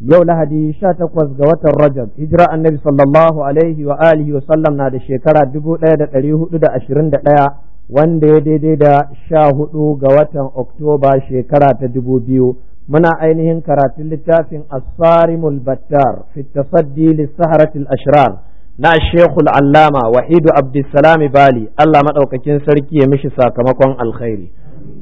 yau lahadi sha takwas ga watan rajab hijira annabi sallallahu alaihi wa alihi wa sallam na da shekara dubu ɗaya da ɗari hudu da ashirin da ɗaya wanda ya daidai da sha hudu ga watan oktoba shekara ta dubu biyu muna ainihin karatun littafin asarimul battar fi tasaddi lissaharatil na shekul allama wahidu abdulsalam bali allah maɗaukakin sarki ya mishi sakamakon alkhairi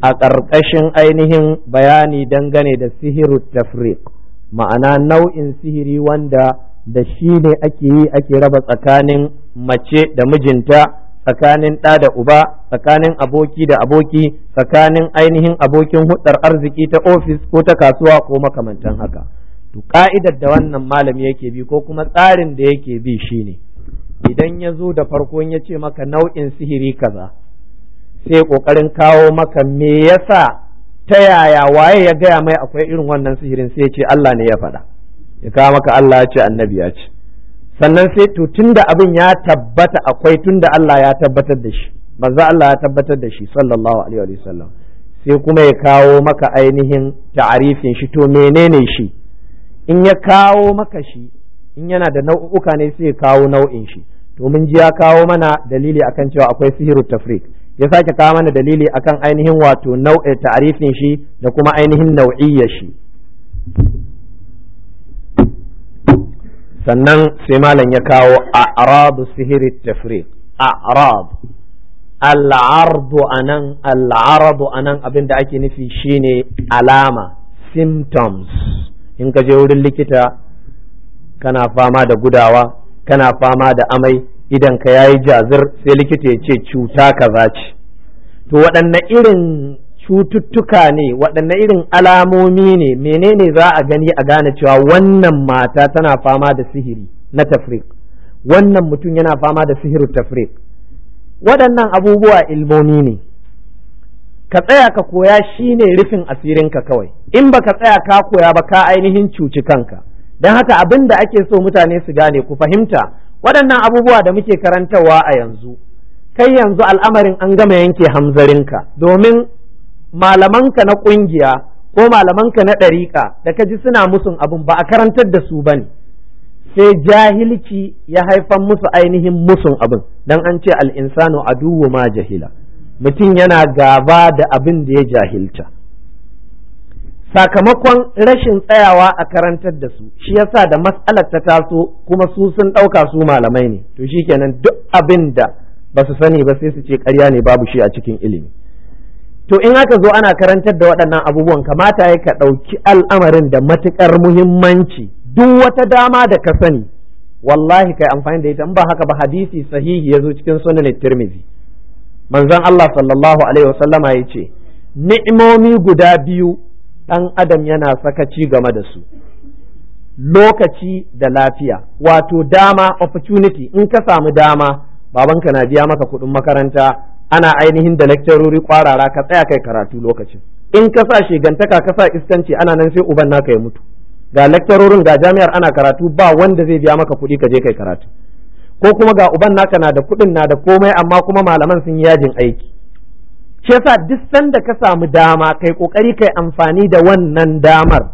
a ƙarƙashin ainihin bayani dangane da sihiru tafriq ma'ana nau'in sihiri wanda da shi ne ake yi ake raba tsakanin mace da mijinta tsakanin ɗa da uba tsakanin aboki da aboki tsakanin ainihin abokin hudar arziki ta ofis ko ta kasuwa ko makamantan haka to ka'idar da wannan malami yake bi ko kuma tsarin da yake bi shine idan ya zo da farko ya ce maka nau'in sihiri kaza sai kokarin kawo maka me yasa ta yaya waye ya gaya mai akwai irin wannan sihirin sai ya ce Allah ne ya faɗa ya kawo maka Allah ya ce annabi ya ce sannan sai to tunda abin ya tabbata akwai tunda Allah ya tabbatar da shi manzo Allah ya tabbatar da shi sallallahu alaihi wa sallam sai kuma ya kawo maka ainihin ta'arifin shi to menene shi in ya kawo maka shi in yana da nau'uka ne sai ya kawo nau'in shi to mun ji ya kawo mana dalili akan cewa akwai sihiru tafrik ya sake kawo mana dalili akan ainihin wato nau'i ta'arifin shi da kuma ainihin nau'iyyar shi sannan sai malam ya kawo arab sihiri tafriq arab al'ardu anan alarabu anan abin da ake nufi shine alama symptoms in ka je wurin likita kana fama da gudawa kana fama da amai idan ka yayi jazir sai likita ya ce cuta kaza ce to waɗanne irin cututtuka ne waɗanne irin alamomi ne menene za a gani a gane cewa wannan mata tana fama da sihiri na tafrik wannan mutum yana fama da sihirin tafrik waɗannan abubuwa ilmomi ne ka tsaya ka koya shi shine rufin asirinka kawai in baka tsaya ka koya ba ka ainihin cuci kanka don haka abin da ake so mutane su gane ku fahimta waɗannan abubuwa da muke karantarwa a yanzu kai yanzu al'amarin an gama yanke hamzarinka domin malamanka na ƙungiya ko malamanka na ɗariƙa da ka ji suna musun abin ba a karantar da su bane sai jahilci ya haifan musu ainihin musun abin dan an ce al'insanu aduwu ma jahila mutum yana gaba da abin da ya jahilta sakamakon rashin tsayawa a karantar da su shi yasa da matsalar ta taso kuma su sun ɗauka su malamai ne to shi shikenan duk abin da ba su sani ba sai su ce ƙarya ne babu shi a cikin ilimi to in aka zo ana karantar da waɗannan abubuwan kamata ya ka ɗauki al'amarin da matuƙar muhimmanci duk wata dama da ka sani wallahi kai amfani da ita in ba haka ba hadisi sahihi ya zo cikin sunan tirmidhi manzon Allah sallallahu alaihi wasallama ya ce ni'imomi guda biyu ɗan adam yana sakaci game da su lokaci da lafiya wato dama opportunity in ka samu dama babanka na biya maka kuɗin makaranta ana ainihin da lecturori kwarara ka tsaya kai karatu lokacin in ka sa shigantaka ka sa iskanci ana nan sai uban naka ya mutu ga lecturorin ga jami'ar ana karatu ba wanda zai biya maka kuɗi ka je kai karatu ko kuma ga uban naka na da kuɗin na da komai amma kuma malaman sun yi yajin aiki shi yasa duk sanda ka samu dama kai kokari kai amfani da wannan damar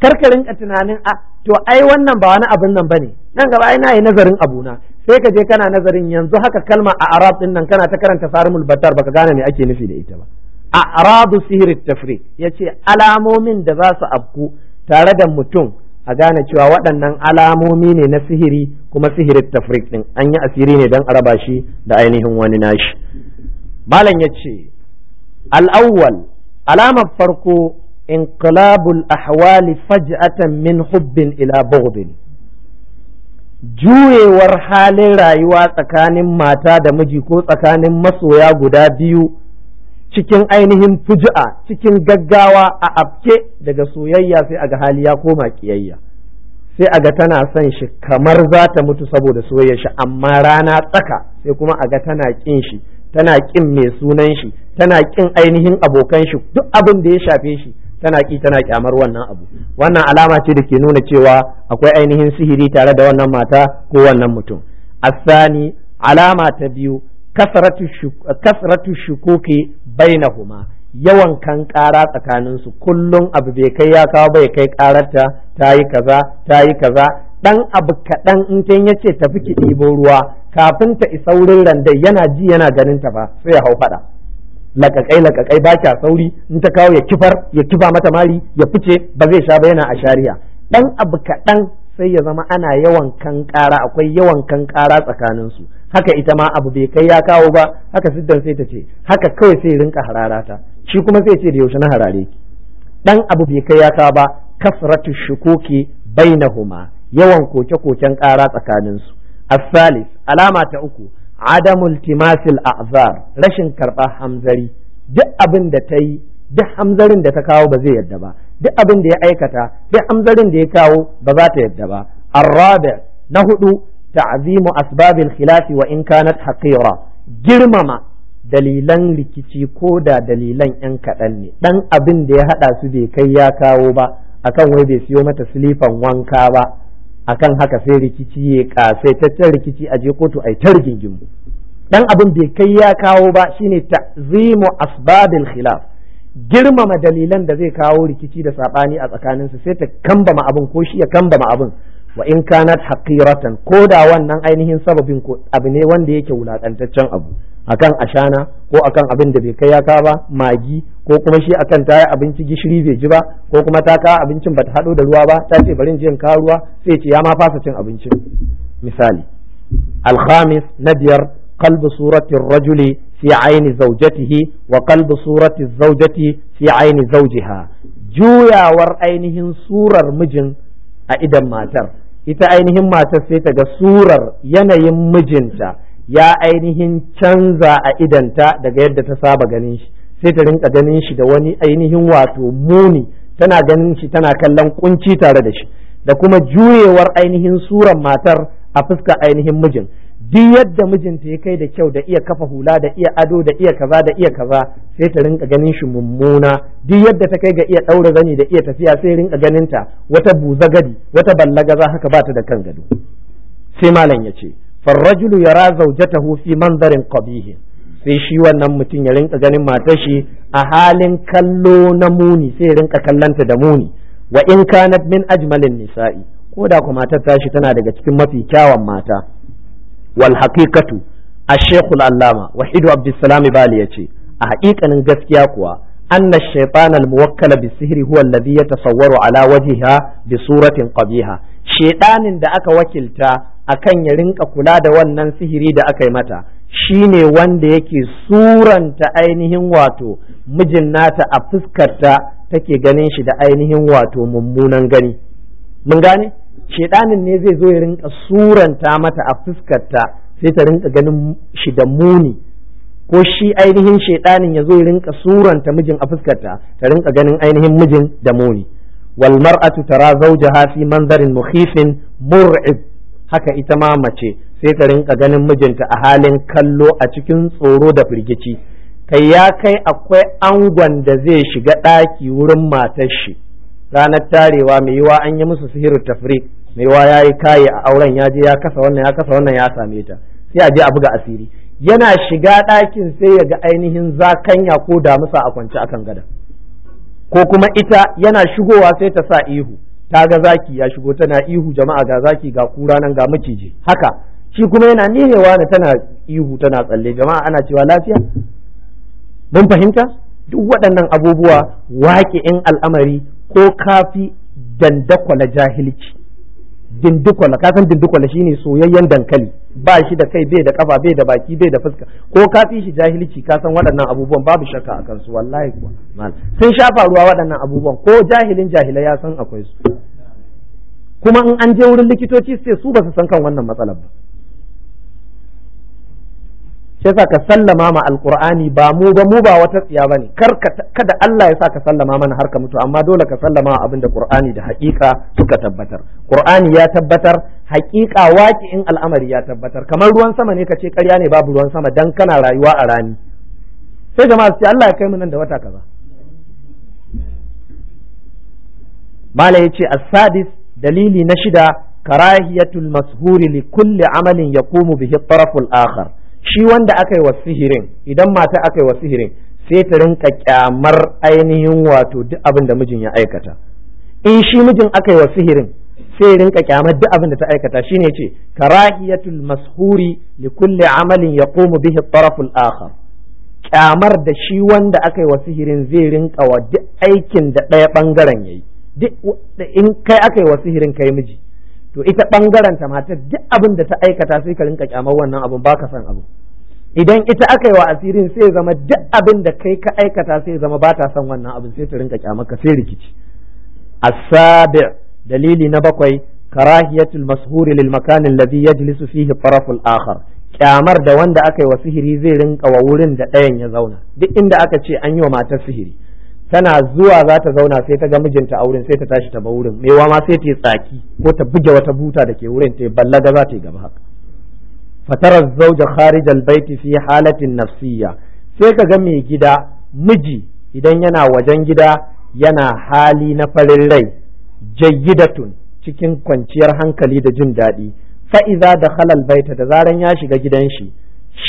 karka rinka tunanin a ah, to ai wannan ba wani abin nan bane nan gaba ai na yi nazarin abuna sai ka je kana nazarin yanzu haka kalma a arab din nan kana ta karanta sarimul battar baka gane me ake nufi da ita ba a arabu sihir tafri yace alamomin da za su afku tare da mutum a gane cewa waɗannan alamomi ne na sihiri kuma sihirin tafrik ɗin an yi asiri ne don araba shi da ainihin wani nashi malam ya ce al'awwal alamar farko inqilabul ahwali faj'atan min hubbin ila bughdin juyewar halin rayuwa tsakanin mata da miji ko tsakanin masoya guda biyu cikin ainihin fuji'a cikin gaggawa a afke daga soyayya sai aga hali ya koma kiyayya sai aga tana son shi kamar za ta mutu saboda soyayya shi amma rana tsaka sai kuma aga tana kin shi tana ƙin mai sunan shi tana ƙin ainihin abokan shi duk abin da ya shafe shi tana ƙi tana kyamar wannan abu wannan alama ce da ke nuna cewa akwai ainihin sihiri tare da wannan mata ko wannan mutum asani alama ta biyu kasratu shukuki bainahuma yawan kan ƙara su kullum abu bai kai ya kawo bai kai ƙararta ta yi kaza ta kaza ɗan abu kaɗan in kin yace ce tafi ki ɗibo ruwa kafin ta isa wurin randai yana ji yana ganin ta ba sai ya hau fada lakakai lakakai ba kya sauri in ta kawo ya kifar ya kifa mata mari ya fice ba zai sha ba yana a shari'a dan abu kaɗan sai ya zama ana yawan kan ƙara akwai yawan kan ƙara tsakanin su haka ita ma abu bai kai ya kawo ba haka siddan sai ta ce haka kawai sai rinka hararata shi kuma sai ce da yaushe na harare ki dan abu bai kai ya kawo ba kasratu shukuki bainahuma yawan koke-koken ƙara tsakanin su alama ta uku عدم التماس الأعذار rashin كربا hamzari duk abin da ta yi duk hamzarin da ta kawo ba zai yadda ba duk abin da ya aikata duk hamzarin da ya kawo ba za ta yadda ba arrabi na hudu ta'zimu asbabil khilafi wa in kanat haqira girmama dalilan rikici ko da dalilan yan kaɗan ne dan abin da ya haɗa su bai kai ya kawo ba akan wai bai siyo mata silifan wanka ba akan haka sai rikici ya kasaitaccen rikici a je kotu a ta rigingimu dan abin bai kai ya kawo ba shine ta'zimu asbabil khilaf girmama dalilan da zai kawo rikici da sabani a tsakanin su sai ta kambama abin ko shi ya kambama abin wa in kanat haqiratan ko da wannan ainihin sababin ko abu ne wanda yake wulakantaccen abu akan ashana ko akan abin da bai kai ya ba magi ko kuma shi akan ta yi abinci gishiri bai ji ba ko kuma ta kawo abincin bata haɗo da ruwa ba ta ce bari in in kawo ruwa sai ce ya ma fasa cin abincin misali alhamis na biyar kalbi suratin rajuli fi aini zaujatihi wa qalbu suratin zaujati fi aini zaujiha juyawar ainihin surar mijin a idan matar ita ainihin matar sai ta ga surar yanayin mijinta ya ainihin canza a idanta daga yadda ta saba ganin shi sai ta rinka ganin shi da wani ainihin wato muni tana ganin shi tana kallon kunci tare da shi da kuma juyewar ainihin suran matar a fuska ainihin mijin duk yadda mijinta ya kai da kyau da iya kafa hula da iya ado da iya kaza da iya kaza sai ta rinka ganin shi mummuna duk yadda ta kai ga iya ɗaura zani da iya tafiya sai rinka ta wata buza buzagadi wata ballagaza haka bata da kan gado sai malam ya ce farrajulu yara zaujatahu fi manzarin qabihin sai shi wannan mutum ya rinka ganin matar shi a halin kallo na muni sai ya rinka kallanta da muni wa in kanat min ajmalin nisa'i ko da kuma matar tashi tana daga cikin mafi kyawun mata wal haqiqatu ash-shaykh al-allama wahid abdussalam bali yace a haƙiƙanin gaskiya kuwa anna ash-shaytan al-muwakkal bisihri huwa alladhi yatasawwaru ala wajhiha bi suratin qabiha shaytanin da aka wakilta akan ya rinka kula da wannan sihiri da aka yi mata shine wanda yake suranta ainihin wato mijin nata a fuskarta take ganin shi da ainihin wato mummunan gani mun gane shedanin ne zai zo ya rinka suranta mata a fuskarta sai ta rinka ganin shi da muni ko shi ainihin shedanin ya zo ya rinka suranta mijin a fuskarta ta rinka ganin ainihin mijin da muni wal mar'atu tara zawjaha fi manzarin mukhifin mur'ib haka ita ma mace sai ka rinka ganin mijinta a halin kallo a cikin tsoro da firgici kai ya kai akwai angon da zai shiga ɗaki wurin matar shi ranar tarewa mai yiwa an yi musu sihirin tafri mai yiwa ya yi kaye a auren ya je ya kasa wannan ya kasa wannan ya same ta sai a je a buga asiri yana shiga ɗakin sai ya ga ainihin zakanya ko damusa a kwance akan gada ko kuma ita yana shigowa sai ta sa ihu ta ga zaki ya shigo tana ihu jama'a ga zaki ga kura nan ga maciji haka shi kuma yana nihewa ne tana ihu tana tsalle jama'a ana cewa lafiya mun fahimta duk waɗannan abubuwa waƙe in al'amari ko kafi dandakwala jahilci dindikwala ka san dindikwala shine soyayyen dankali ba shi da kai bai da kafa bai da baki bai da fuska ko ka fi shi jahilci ka san waɗannan abubuwan babu shakka a kansu wallahi kuwa sun sha faruwa waɗannan abubuwan ko jahilin jahilai ya san akwai su kuma in an je wurin likitoci sai su ba su san kan wannan matsalar ba yasa ka sallama ma alqur'ani ba mu ba mu ba wata tsiya bane kar kada Allah ya sa ka sallama mana har ka mutu amma dole ka sallama abin da qur'ani da haƙiƙa suka tabbatar qur'ani ya tabbatar haƙiƙa in al'amari ya tabbatar kamar ruwan sama ne kace ƙarya ne babu ruwan sama dan kana rayuwa a rani sai jama'a su ce Allah ya kai mu nan da wata kaza mala yace as-sadis dalili na shida karahiyatul mashuri li kulli amalin yaqumu bihi at-taraf al-akhar shi wanda aka yi wa sihirin idan mata aka yi wa sihirin sai ta rinka kyamar ainihin wato duk abin da mijin ya aikata in shi mijin aka yi wa sihirin sai rinka kyamar duk abin da ta aikata shine ce karahiyatul mashuri li kulle amalin yaqumu bihi at akhar kyamar da shi wanda aka yi wa sihirin zai rinka wa duk aikin da ɗaya bangaren yayi duk in kai aka yi wa sihirin kai miji to ita bangaren ta matar duk abin da ta aikata sai ka rinka kyamar wannan abun baka san abu idan ita aka yi wa asirin sai zama duk abin da kai ka aikata sai zama ba ta son wannan abin sai ta rinka kyamar ka sai rikici asabi dalili na bakwai karahiyatul mashhuri lil makan alladhi yajlisu fihi taraf akhar kyamar da wanda aka yi wa sihiri zai rinka wa wurin da ɗayan ya zauna duk inda aka ce an yi wa matar sihiri tana zuwa za ta zauna sai ta ga mijinta a wurin sai ta tashi ta ba wurin mewa ma sai ta yi tsaki ko ta buge wata buta da ke wurin ta yi ballaga za ta yi gaba haka fatarar zauja kharij albaiti fi halatin nafsiyya sai ka ga mai gida miji idan yana wajen gida yana hali na farin rai jayyidatun cikin kwanciyar hankali da jin daɗi fa'iza da halal baita da zaran ya shiga gidan shi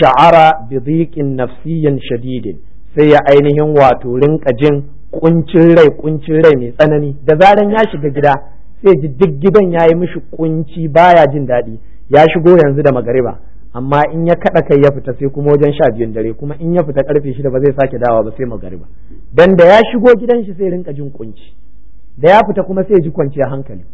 sha'ara bi dhiqin nafsiyyin shadidin sai ya ainihin wato rinka jin kuncin rai kuncin rai mai tsanani da zaran ya shiga gida sai ji duk gidan ya yi mishi kunci baya jin daɗi ya shigo yanzu da magariba amma in ya kaɗa kai ya fita sai kuma wajen sha biyun dare kuma in ya fita karfe shida ba zai sake dawa ba sai magariba dan da ya shigo gidan shi sai rinka jin kunci da ya fita kuma sai ji kwanciya hankali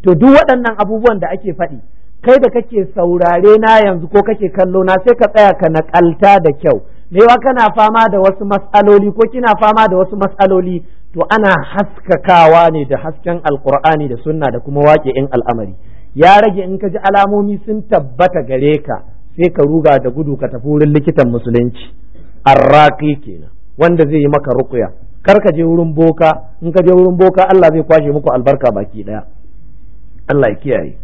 to duk waɗannan abubuwan da ake faɗi kai da kake saurare na yanzu ko kake kallo na sai ka tsaya ka naƙalta da kyau mewa kana fama da wasu matsaloli ko kina fama da wasu matsaloli to ana haskakawa ne da hasken alkur'ani da sunna da kuma wake in al'amari ya rage in ka ji alamomi sun tabbata gare ka sai ka ruga da gudu ka tafi wurin likitan musulunci arraki kenan wanda zai yi maka rukuya kar ka je wurin boka in ka je wurin boka Allah zai kwashe muku albarka baki daya Allah ya kiyaye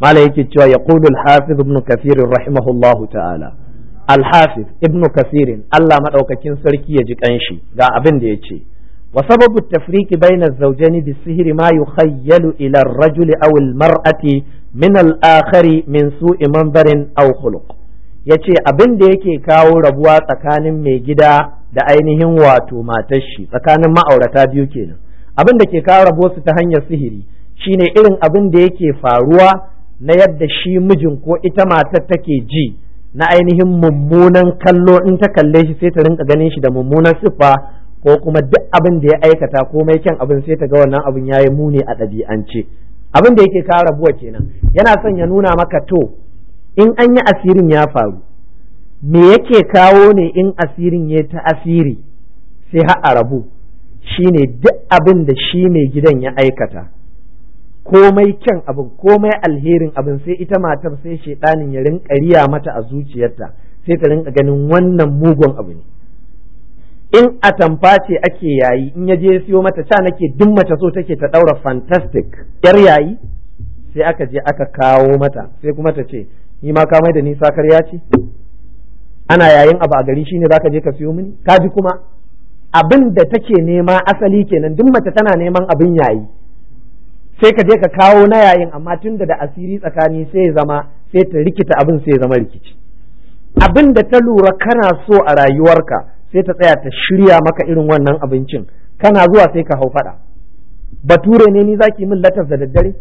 mala yake cewa yaqulu al-hafiz ibn kathir rahimahullahu ta'ala alhafiz ibnu kasirin Allah madaukakin sarki ya ji kanshi ga abin da ya ce wa sababu tafriki baina zawjani bi sihiri ma yukhayyalu ila ar-rajuli aw al-mar'ati min al-akhari min su'i manbarin aw khuluq yace abin da yake kawo rabuwa tsakanin mai gida da ainihin wato matar shi tsakanin ma'aurata biyu kenan abin da ke kawo rabuwa su ta hanyar sihiri shine irin abin da yake faruwa na yadda shi mijin ko ita matar take ji na ainihin mummunan kallo in ta kalle shi sai ta rinka ganin shi da mummunan siffa ko kuma duk abin da ya aikata komai kyan abin sai ta ga wannan abin ya yi muni a ɗabi'ance abin da yake kawo rabuwa kenan yana son ya nuna maka to in an yi asirin ya faru me yake kawo ne in asirin ya ta asiri sai har a rabu shine duk abin da shi mai gidan ya aikata komai kyan abin komai alherin abin sai ita matar sai shaidanin ya rinka riya mata a zuciyarta sai ta rinka ganin wannan mugun abu ne in atamfa ce ake yayi in ya je siyo mata ta nake duk mace so take ta daura fantastic yar yayi sai aka je aka kawo mata sai kuma ta ce ni ma ka mai da ni sakar ce ana yayin abu a gari shine zaka je ka siyo mini ka ji kuma abin da take nema asali kenan duk mace tana neman abin yayi sai ka je ka kawo na yayin amma tunda da asiri tsakani sai zama sai ta rikita abin sai zama rikici abin da ta lura kana so a rayuwarka sai ta tsaya ta shirya maka irin wannan abincin kana zuwa sai ka hau faɗa bature ne ni zaki min latas da daddare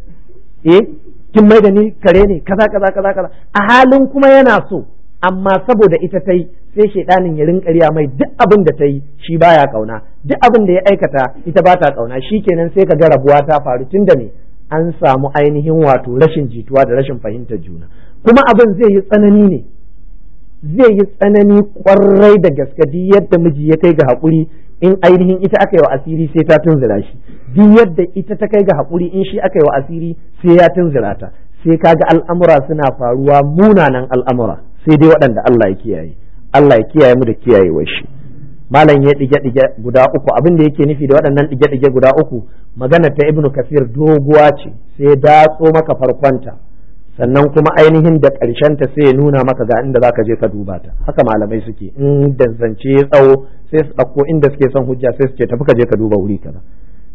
eh kin mai da ni kare ne kaza kaza kaza kaza a halin kuma yana so amma saboda ita ta yi sai shaidanin ya rinka riya mai duk abin da ta yi shi baya ƙauna duk abin da ya aikata ita ba ta shi kenan sai ka ga rabuwa ta faru tun da me an samu ainihin wato rashin jituwa da rashin fahimtar juna kuma abin zai yi tsanani ne zai yi tsanani kwarai da gaske duk yadda miji ya kai ga haƙuri in ainihin ita aka yi wa asiri sai ta tunzura shi duk yadda ita ta kai ga haƙuri in shi aka yi wa asiri sai ya tunzura ta sai kaga al'amura suna faruwa munanan al'amura sai dai waɗanda Allah ya kiyaye Allah ya kiyaye mu da kiyayewar shi malam ya dige dige guda uku abin da yake nufi da waɗannan dige dige guda uku magana ta ibnu kafir doguwa ce sai datso maka farkonta sannan kuma ainihin da ƙarshen ta sai ya nuna maka ga inda zaka je ka duba ta haka malamai suke in da zance ya tsawo sai su ɗauko inda suke son hujja sai su ce tafi ka je ka duba wuri kaza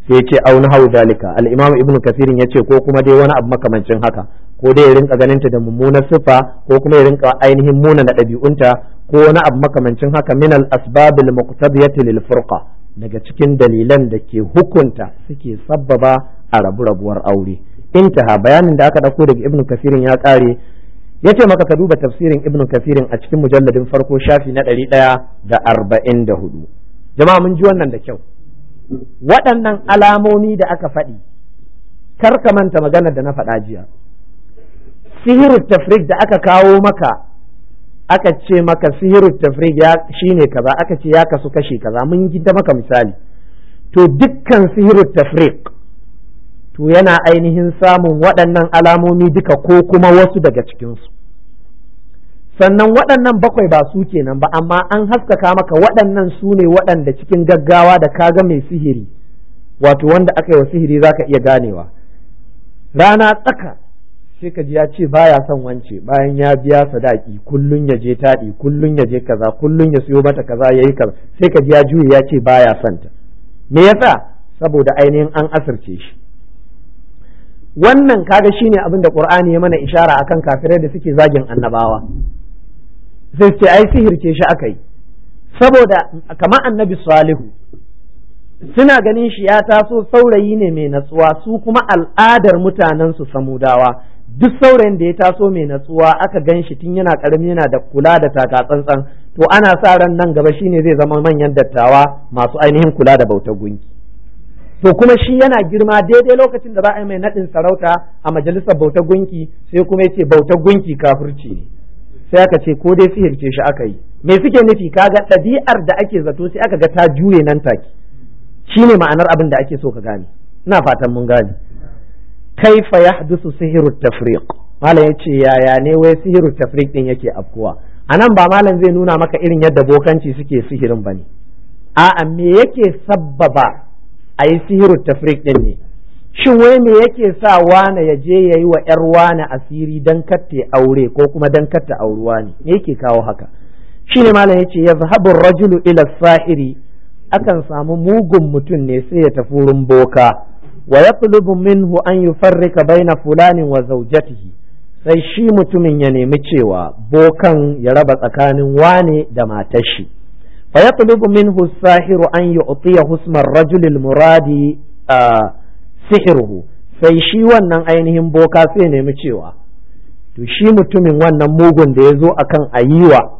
sai yace au hau dalika al-imam ibnu kasir ya ce ko kuma dai wani abu makamancin haka ko dai ya rinka ganin ta da mummunar siffa ko kuma ya rinka ainihin muna na ɗabi'unta ko wani abu makamancin haka min al asbabil muqtadiyati lil furqa daga cikin dalilan da ke hukunta suke sabbaba a rabu rabuwar aure intaha bayanin da aka dauko daga ibnu kasirin ya kare yace maka ka duba tafsirin ibnu kasirin a cikin mujalladin farko shafi na ɗari ɗaya da arba'in da hudu jama'a mun ji wannan da kyau waɗannan alamomi da aka faɗi kar ka manta maganar da na faɗa jiya sihirin tafrik da aka kawo maka aka ce maka sihiru tafriq ya shine kaza aka ce ya kasu kashi kaza mun gida maka misali to dukkan sihiru tafriq to yana ainihin samun waɗannan alamomi duka ko kuma wasu daga cikinsu sannan waɗannan bakwai ba su kenan ba amma an haskaka maka waɗannan su ne waɗanda cikin gaggawa da kaga mai sihiri wato wanda aka yi wa sihiri zaka iya ganewa rana tsaka sai ka ji ya ce baya son wance bayan ya biya sadaki kullun ya je taɗi kullun ya je kaza kullun ya siyo mata kaza yayi kaza sai ka ji ya juye ya ce baya son ta me yasa saboda ainihin an asirce shi wannan kaga shine abin da qur'ani ya mana ishara akan kafirai da suke zagin annabawa sai ce ai sihirce shi aka saboda kamar annabi salihu suna ganin shi ya taso saurayi ne mai natsuwa su kuma al'adar mutanen su samudawa duk saurayin da ya taso mai natsuwa aka gan shi tun yana karami yana da kula da taka tsantsan to ana sa ran nan gaba shi ne zai zama manyan dattawa masu ainihin kula da bautar gunki to kuma shi yana girma daidai lokacin da za a yi mai naɗin sarauta a majalisar bautar gunki sai kuma ya ce bautar gunki kafirci ne sai aka ce ko dai sihirce shi aka yi me suke nufi kaga ɗabi'ar da ake zato sai aka ga ta juye nan take Shi ne ma'anar abin da ake so ka gane ina fatan mun gane kaifa yahdusu sihiru tafriq malam yace yaya ne wai sihiru tafriq ɗin yake afkuwa anan ba malam zai nuna maka irin yadda bokanci suke sihirin bane a'a me yake sabbaba a yi sihiru tafriq din ne shin wai me yake sa wane ya je ya yi wa ‘yar wane asiri dan katte aure ko kuma dan katta auruwa ne me yake kawo haka shi ne malam ya ce ya rajulu ila sahiri akan samu mugun mutum ne sai ya tafi wurin boka wa yatlubu minhu an yufarrika baina fulanin wa sai shi mutumin ya nemi cewa bokan ya raba tsakanin wane da matar shi fa yatlubu minhu sahiru an yu'tiya husman rajulil muradi a sihirhu, sai shi wannan ainihin boka sai nemi cewa to shi mutumin wannan mugun da ya zo akan ayiwa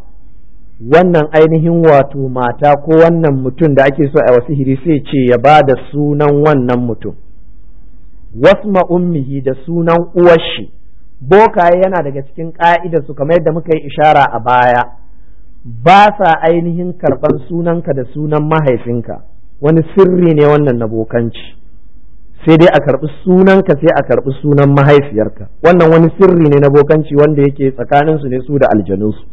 wannan ainihin wato mata ko wannan mutum da ake so a sihiri sai ce ya ba da sunan wannan mutum wasma ummihi da sunan uwarshi bokaye yana daga cikin ƙa'idar su kamar yadda muka yi ishara a baya ba sa ainihin karɓar sunanka da sunan mahaifinka wani sirri ne wannan na bokanci sai dai a karɓi sunanka sai a karɓi sunan mahaifiyarka wannan wani sirri ne na bokanci wanda yake tsakaninsu ne su da aljanunsu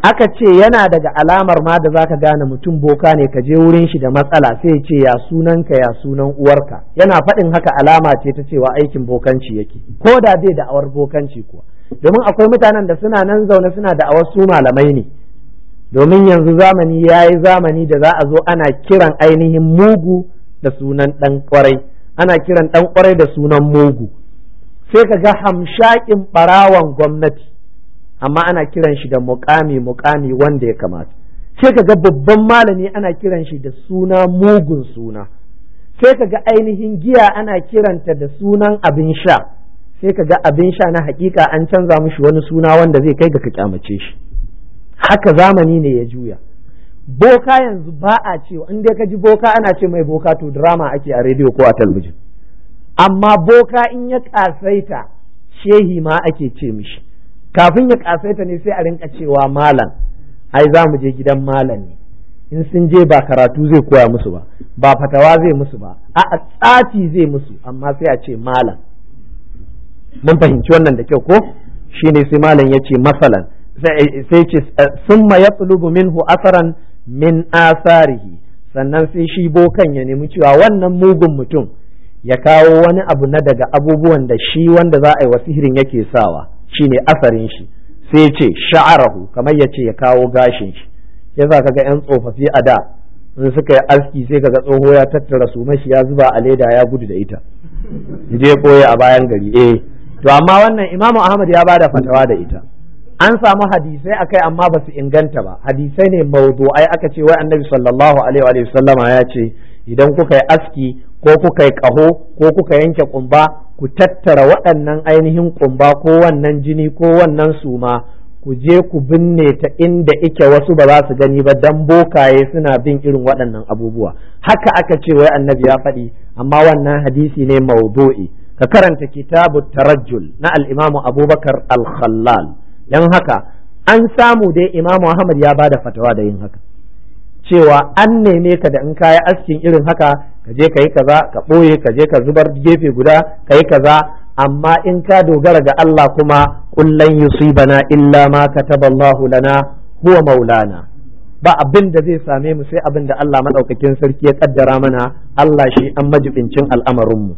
aka ce yana daga alamar ma da zaka gane mutum boka ne ka je wurin shi da matsala sai ce ya sunanka ya sunan uwarka yana faɗin haka alama ce ta cewa aikin bokanci yake ko da zai da awar bokanci kuwa domin akwai mutanen da suna nan zaune suna da awar su malamai ne domin yanzu zamani ya yi zamani da za a zo ana kiran ainihin mugu da sunan ɗan ƙwarai ana kiran ɗan ƙwarai da sunan mugu sai ka ga hamshaƙin ɓarawan gwamnati amma ana kiran shi da mukami mukami wanda ya kamata sai ka ga babban malami ana kiran shi da suna mugun suna sai ka ga ainihin giya ana kiranta da sunan abin sha sai ka ga abin sha na hakika an canza mishi wani suna wanda zai kai ga ka kyamace shi haka zamani ne ya juya boka yanzu ba a cewa in dai ka ji boka ana ce mai boka to drama ake a rediyo ko a talabijin amma boka in ya kasaita shehi ma ake ce mishi kafin ya ta ne sai a rinka cewa malam ai za mu je gidan malam ne in sun je ba karatu zai koya musu ba ba fatawa zai musu ba a tsati zai musu amma sai a ce malam mun fahimci wannan da kyau ko Shi ne sai malam ya ce masalan sai ce summa yatlubu minhu asaran min asarihi sannan sai shi bokan ya nemi cewa wannan mugun mutum ya kawo wani abu na daga abubuwan da shi wanda za a yi wasihirin yake sawa ne asarin shi sai ce sha'arahu kamar ya ce ya kawo gashin shi yasa ga yan tsofaffi a da in suka yi aski sai kaga tsoho ya tattara su mashi ya zuba a leda ya gudu da ita je koya a bayan gari eh to amma wannan imamu ahmad ya bada fatawa da ita an samu hadisai akai amma ba su inganta ba hadisai ne mawdu'ai aka ce wai annabi sallallahu alaihi wa sallama ya ce idan kuka yi aski ko kuka yi ƙaho ko kuka yanke ƙumba ku tattara waɗannan ainihin ƙumba ko wannan jini ko wannan suma ku je ku binne ta inda ike wasu ba za su gani ba dan bokaye suna bin irin waɗannan abubuwa haka aka ce wai annabi ya faɗi amma wannan hadisi ne maudu'i ka karanta kitabu tarajjul na al-imamu abubakar al-khallal dan haka an samu dai imamu ahmad ya bada fatawa da yin haka cewa an neme ka da in kayi askin irin haka ka je ka yi kaza ka ɓoye ka je ka zubar gefe guda ka yi kaza amma in ka dogara ga Allah kuma kullan bana illa ma ka kataballahu lana huwa maulana ba abin da zai same mu sai abin da Allah maɗaukakin sarki ya ƙaddara mana Allah shi an majibincin al'amarinmu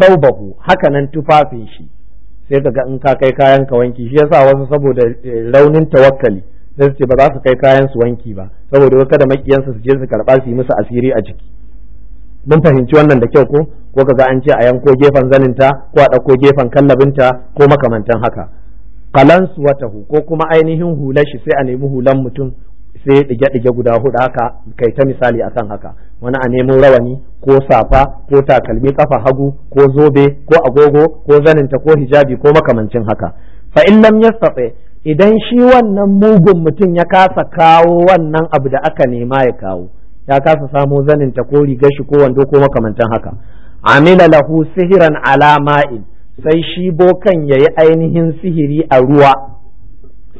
saubahu haka nan tufafin shi sai kaga in ka kai kayan ka wanki shi yasa wasu saboda eh, raunin tawakkali sai su ce ba za su kai kayan su wanki ba saboda wasu kada makiyansa su je su karɓa su yi musu asiri a ciki mun fahimci wannan da kyau ko ko kaga an ce a yanko gefen zaninta ko a ɗauko gefen kallabinta ko makamantan haka kalansu watahu ko kuma ainihin hular shi sai a nemi hulan mutum sai ya ɗige-ɗige guda hudu haka kai ta misali akan haka wani a nemo rawani ko safa ko takalmi kafa hagu ko zobe ko agogo ko zaninta ko hijabi ko makamancin haka fa in lam yastati idan shi wannan mugun mutum ya kasa kawo wannan abu da aka nema ya kawo ya kasa samo zanin ta ko rigar shi ko wando ko makamantan haka amila lahu sihiran ala ma'in sai shi bokan yayi ainihin sihiri a ruwa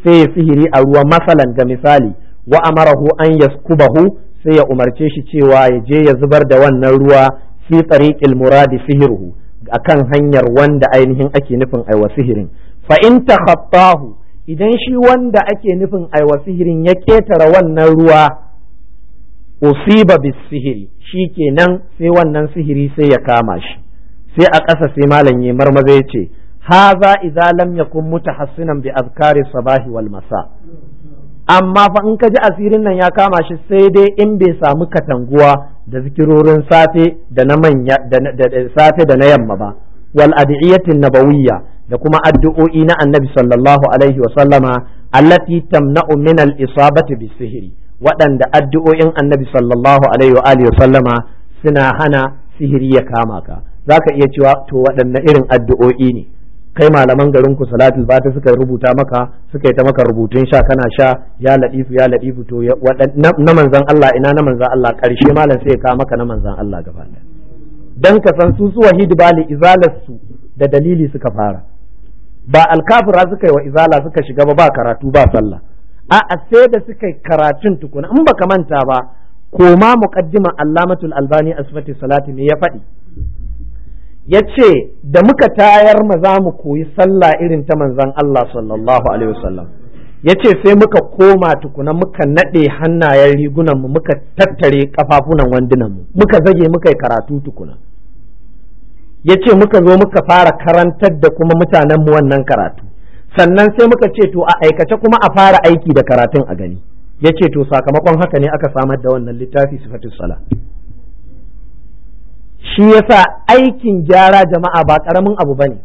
sai ya sihiri a ruwa masalan da misali wa amarahu an yaskubahu sai ya umarce shi cewa ya je ya zubar da wannan ruwa fi tariqil muradi sihiruhu akan hanyar wanda ainihin ake nufin aiwa sihirin fa in takhattahu idan shi wanda ake nufin aiwa sihirin ya ketara wannan ruwa usiba bis sihiri shi kenan sai wannan sihiri sai ya kama shi sai a ƙasa sai malam ya marmaza ya ce haza idza lam yakun mutahassinan bi azkari sabahi wal masa amma fa in ka ji asirin nan ya kama shi sai dai in bai samu katanguwa da zikirorin safe da na manya da safe da na yamma ba wal adiyatin nabawiyya da kuma addu'o'i na annabi sallallahu alaihi wasallama allati tamna'u min al isabati bisihri waɗanda addu'o'in annabi sallallahu alaihi wa alihi suna hana sihiri ya kama ka zaka iya cewa to waɗanne irin addu'o'i ne kai malaman garin ku salatul fata suka rubuta maka suka yi ta maka rubutun sha kana sha ya ladifu ya ladifu to na manzan Allah ina na manzan Allah karshe malam sai ya kawo maka na manzan Allah gaba dan ka san su su wahid bali izalar su da dalili suka fara ba alkafira suka yi wa izala suka shiga ba ba karatu ba sallah a'a sai da suka yi karatun tukuna in baka manta ba koma muqaddima allamatul albani asfati salati ne ya faɗi yace da muka tayar ma za mu koyi sallah irin ta manzon Allah sallallahu alaihi wasallam ya sai muka koma tukuna muka naɗe hannayen rigunan mu muka tattare kafafunan mu muka zage muka yi karatu tukuna ya ce muka zo muka fara karantar da kuma mutanenmu wannan karatu sannan sai muka ce to a aikace kuma a fara aiki da karatun a gani ya ce to sakamakon haka ne aka samar da wannan littafi sifatus sala shi yasa aikin gyara jama'a ba ƙaramin abu ne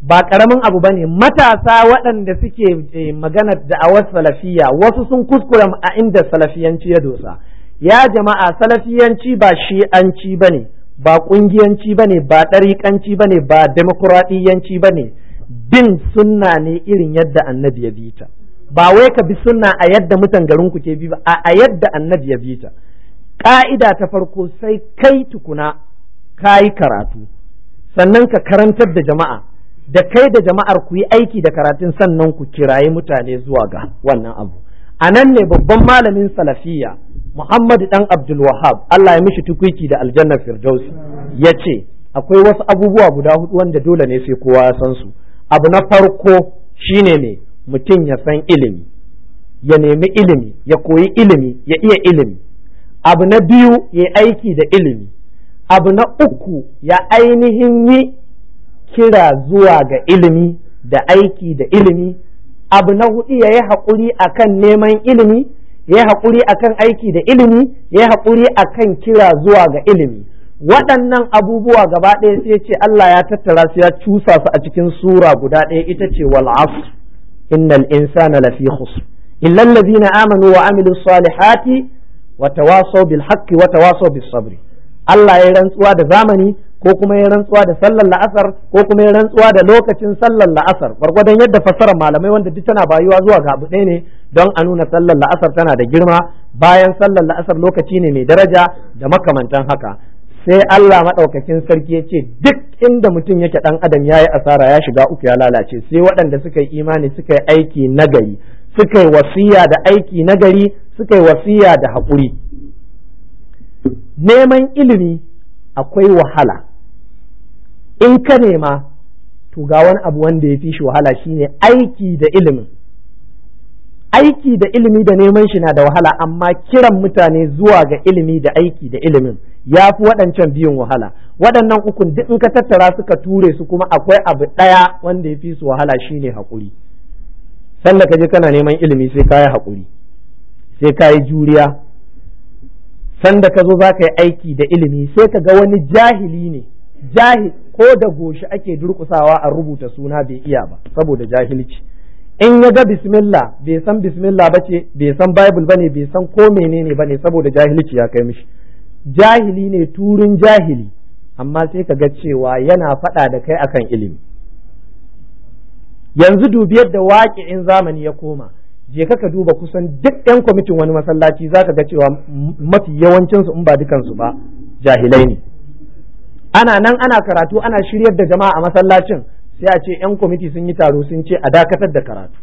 ba ƙaramin abu ne matasa waɗanda suke eh, maganar wasu salafiya wasu sun kuskure a inda salafiyanci ya dosa ya jama'a salafiyanci ba shi'anci ne. ba kungiyanci ne, ba ɗariƙanci ba ne, ba demokuraɗiyanci ba ne, bin sunna ne irin yadda annabi ya bi ta ba wai ka bi sunna a yadda mutan garin ku ke bi ba a yadda annabi ya bi ta ka'ida ta farko sai kai tukuna kayi karatu sannan ka karantar da jama'a da kai da jama'ar ku yi aiki da karatun sannan ku kirayi mutane zuwa ga wannan abu a nan ne babban malamin salafiya Muhammad dan Abdul Wahab Allah ya mishi tukuiki da aljannar ya ce akwai wasu abubuwa guda hudu wanda dole ne sai kowa ya san su abu na farko shine ne mutum ya san ilimi ya nemi ilimi ya koyi ilimi ya iya ilimi abu na biyu ya aiki da ilimi abu na uku ya ainihin yi kira zuwa ga ilimi da aiki da ilimi abu na hudu ya yi haƙuri akan neman ilimi ya yi haƙuri kan aiki da ilimi ya yi haƙuri kan kira zuwa ga ilimi waɗannan abubuwa gaba ɗaya sai ce Allah ya tattara su ya cusa su a cikin sura guda ɗaya ita ce wal asr innal insana lafi khusr illa allazina amanu wa amilus salihati wa tawasaw bil haqqi wa tawasaw bis sabri Allah ya rantsuwa da zamani ko kuma ya rantsuwa da sallar la'asar ko kuma ya rantsuwa da lokacin sallar la'asar gwargwadon yadda fassarar malamai wanda duk tana bayuwa zuwa ga abu ɗaya ne don a nuna sallar la'asar tana da girma bayan sallar la'asar lokaci ne mai daraja da makamantan haka sai Allah maɗaukakin sarki ya ce duk inda mutum yake ɗan adam ya yi asara ya shiga uku ya lalace sai waɗanda suka yi imani suka yi aiki nagari suka yi wasiya da aiki nagari suka yi wasiya da haƙuri neman ilimi akwai wahala in ka nema to ga wani abu wanda ya fi shi wahala shine aiki da ilimin aiki da ilimi da neman shi na da wahala amma kiran mutane zuwa ga ilimi da aiki da ilimin ya fi waɗancan biyun wahala waɗannan ukun duk in ka tattara suka ture su kuma akwai abu ɗaya wanda ya fi su wahala shine haƙuri sanda ka je kana neman ilimi sai ka yi haƙuri sai ka yi juriya sanda ka zo za ka yi aiki da ilimi sai ka ga wani jahili ne jahil ko da goshi ake durƙusawa a rubuta suna bai iya ba saboda jahilci in ya ga bismillah bai san bismillah ba ce bai san bible ba ne bai san ko menene ne saboda jahilci ya kai mishi jahili ne turin jahili amma sai ka ga cewa yana faɗa da kai akan ilimi yanzu dubi yadda in zamani ya koma je ka duba kusan duk 'yan kwamitin wani masallaci za ka ga cewa mafi yawancinsu in ba dukansu ba jahilai ne ana nan ana karatu ana shiryar da jama'a a masallacin sai a ce yan kwamiti sun yi taro sun ce a dakatar da karatu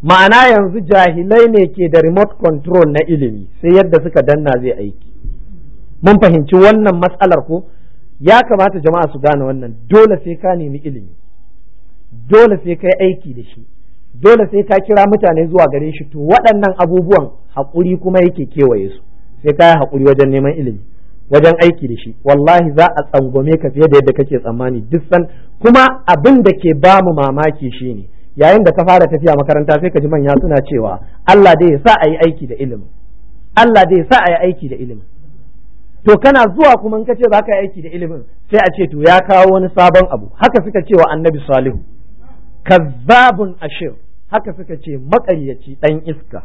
ma'ana yanzu jahilai ne ke da remote control na ilimi sai yadda suka danna zai aiki mun fahimci wannan matsalar ko ya kamata jama'a su gane wannan dole sai ka nemi ilimi dole sai ka yi aiki da shi dole sai ka kira mutane zuwa gare shi to waɗannan abubuwan haƙuri kuma yake kewaye su sai ka yi haƙuri wajen neman ilimi wajen aiki da shi wallahi za a tsangwame ka fiye da yadda kake tsammani duk san kuma abin da ke ba mu mamaki ne yayin da ka fara tafiya makaranta sai ka ji manya suna cewa Allah dai ya sa a yi aiki da ilimi Allah dai ya sa a yi aiki da ilimi to kana zuwa kuma in ka ce za ka yi aiki da ilimin sai a ce to ya kawo wani sabon abu haka suka ce wa annabi salihu kazzabun ashir haka suka ce maƙaryaci ɗan iska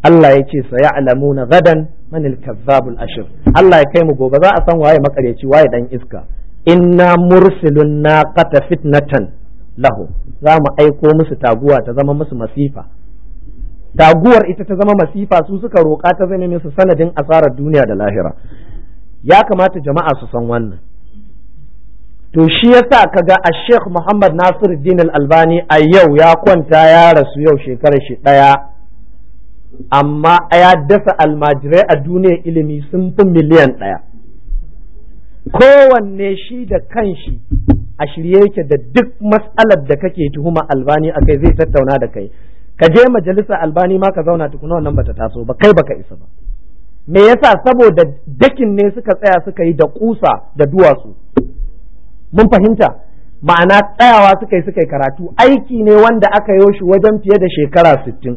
Allah ya ce na gadan manil kazzabul ashir Allah ya kai mu gobe za a san waye makaryaci waye dan iska inna mursilun naqata fitnatan lahu za mu aiko musu taguwa ta zama musu masifa taguwar ita ta zama masifa su suka roka ta zama musu sanadin asarar duniya da lahira ya kamata jama'a su san wannan to shi yasa kaga a Sheikh Muhammad Nasiruddin Al-Albani a yau ya kwanta ya rasu yau shekarar shi daya amma ya dasa almajirai a duniyar ilimi sun fi miliyan ɗaya kowanne shi da kanshi a shirye yake da duk matsalar da kake tuhuma albani a kai zai tattauna da kai ka je majalisa albani ma ka zauna tukuna wannan bata taso ba kai baka isa ba me yasa saboda dakin ne suka tsaya suka yi da kusa da duwatsu mun fahimta ma'ana tsayawa suka yi suka yi karatu aiki ne wanda aka yi wajen fiye da shekara sittin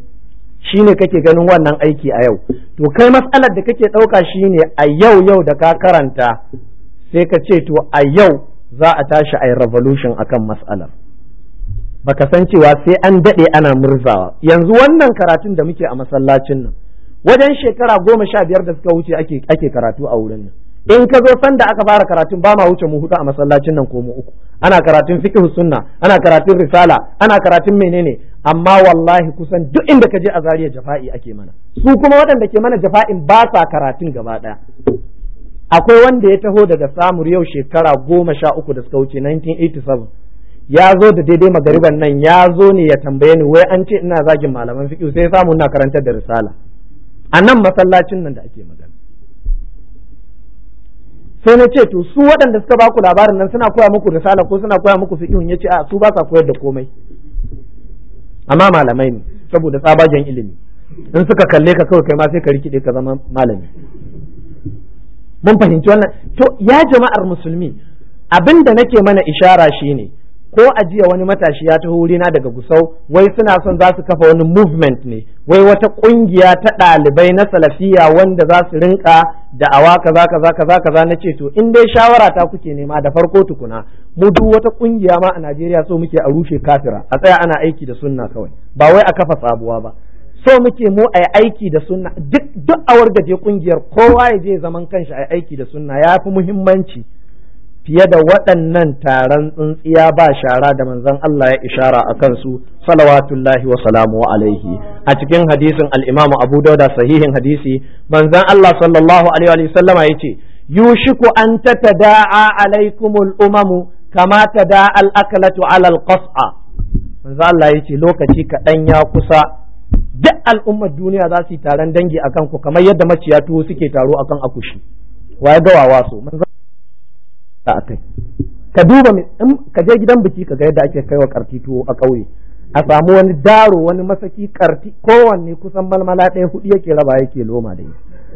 Shi ne kake ganin wannan aiki a yau to kai matsalar da kake ɗauka shine a yau yau da ka karanta sai ka ce to a yau za a tashi a yi revolution a akan matsalar baka san cewa sai an daɗe ana murzawa yanzu wannan karatun da muke a masallacin nan wajen shekara goma sha biyar da suka wuce ake karatu a wurin nan in ka zo sanda aka fara karatun ba ma wuce mu hudu a masallacin nan ko mu uku ana karatun fiqh sunna ana karatun risala ana karatun menene amma wallahi kusan duk inda ka je a zariya jafa'i ake mana su kuma waɗanda ke mana jafa'in ba sa karatun gaba ɗaya akwai wanda ya taho daga samur yau shekara goma sha uku da suka wuce 1987 ya zo da daidai magariban nan ya zo ne ya tambaye ni wai an ce ina zagin malaman fiƙi sai samu ina karantar da risala a nan masallacin nan da ake magana sai na ce to su waɗanda suka ba ku labarin nan suna koya muku risala ko suna koya muku fiƙi ya ce a su ba sa koyar da komai amma malamai ne saboda tsabagen ilimi in suka kalle ka kawai kai ma sai ka rikide ka zama malami mun fahimci wannan to ya jama'ar musulmi abinda da nake mana ishara shine ko a jiya wani matashi ya taho wurina daga gusau wai suna son za su kafa wani movement ne wai wata kungiya ta ɗalibai na salafiya wanda za su rinka awa kaza kaza kaza kaza na ce to in dai shawara ta kuke nema da farko tukuna mu duk wata kungiya ma a Najeriya so muke a rushe kafira a tsaya ana aiki da sunna kawai ba wai a kafa sabuwa ba so muke mu a aiki da sunna duk duk a wargaje kungiyar kowa ya je zaman kanshi a aiki da sunna ya fi muhimmanci fiye da waɗannan taron tsuntsiya ba shara da manzon Allah ya ishara a kansu salawatullahi wa salamu alaihi a cikin hadisin al-Imam Abu Dawud sahihin hadisi manzon Allah sallallahu alaihi wa sallama yace yushiku an tatada'a alaikumul umamu kama tada'a al-aklatu ala al-qas'a manzon Allah yace lokaci kaɗan ya kusa duk al'ummar duniya za su yi taron dangi akan ku kamar yadda maciya tuwo suke taro akan akushi ya ga wawa so a kai ka duba ka je gidan biki ka ga yadda ake kaiwa karti tuwo a ƙauye a samu wani daro wani masaki karti kowanne kusan malmala ɗaya hudu yake raba yake loma da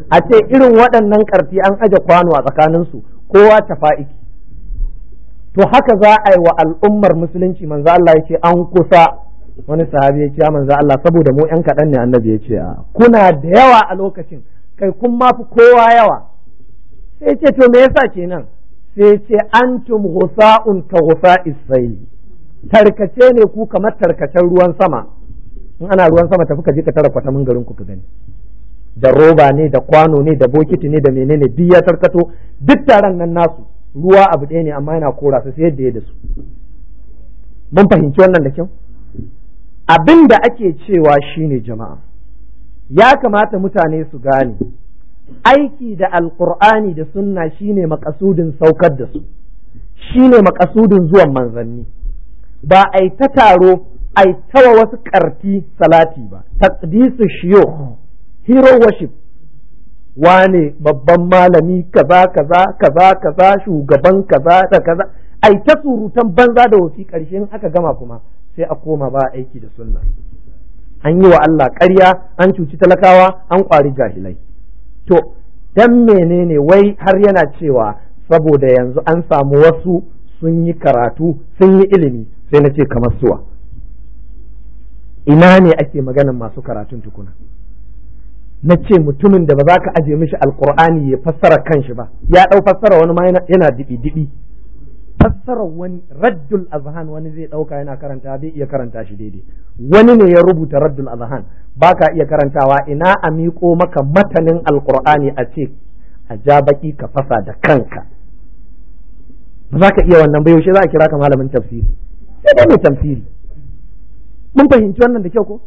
a ce irin waɗannan karti an aje kwano a tsakanin su kowa ta tafa'iki to haka za a yi wa al'ummar musulunci manzo Allah ya ce an kusa wani sahabi ya ce ya manzo Allah saboda mu ƴan kaɗan ne annabi ya ce a kuna da yawa a lokacin kai kun ma fi kowa yawa sai ce to me yasa kenan sai ce antum husa'un ka husa'is saili tarkace ne ku kamar tarkacen ruwan sama in ana ruwan sama tafi ka je ka tara mun garin ku ka gani da roba ne da kwano ne da bokiti ne da menene duk ya tarkato duk taron nan nasu ruwa abu ɗaya ne amma yana kora su sai yadda ya da su mun fahimci wannan da kyau abin da ake cewa shine jama'a ya kamata mutane su gane aiki da alkur'ani da sunna shine makasudin saukar da su shine makasudin zuwan manzanni ba ai ta taro ai tawa wasu karti salati ba taqdisu shiyo hero worship wane babban malami kaza kaza kaza kaza shugaban kaza da kaza ai ta surutan banza da wasi karshen aka gama kuma sai a koma ba aiki da sunna an yi wa Allah ƙarya an cuci talakawa an ƙwari jahilai to dan menene wai har yana cewa saboda yanzu an samu wasu sun yi karatu sun yi ilimi sai na ce kamar suwa ina ne ake maganan masu karatun tukuna na ce mutumin da ba za ka aje mishi alkur'ani ya fassara kanshi ba ya ɗau fassara wani ma yana dibi-dibi fassarar wani raddul azhan wani zai dauka yana karanta bai iya karanta shi daidai wani ne ya rubuta raddul azhan baka iya karantawa ina a miƙo maka matanin alqur'ani a ce a ja baki ka fasa da kanka ba za ka iya wannan ba yaushe za a kira ka malamin tafsiri sai dai mai tafsiri mun fahimci wannan da kyau ko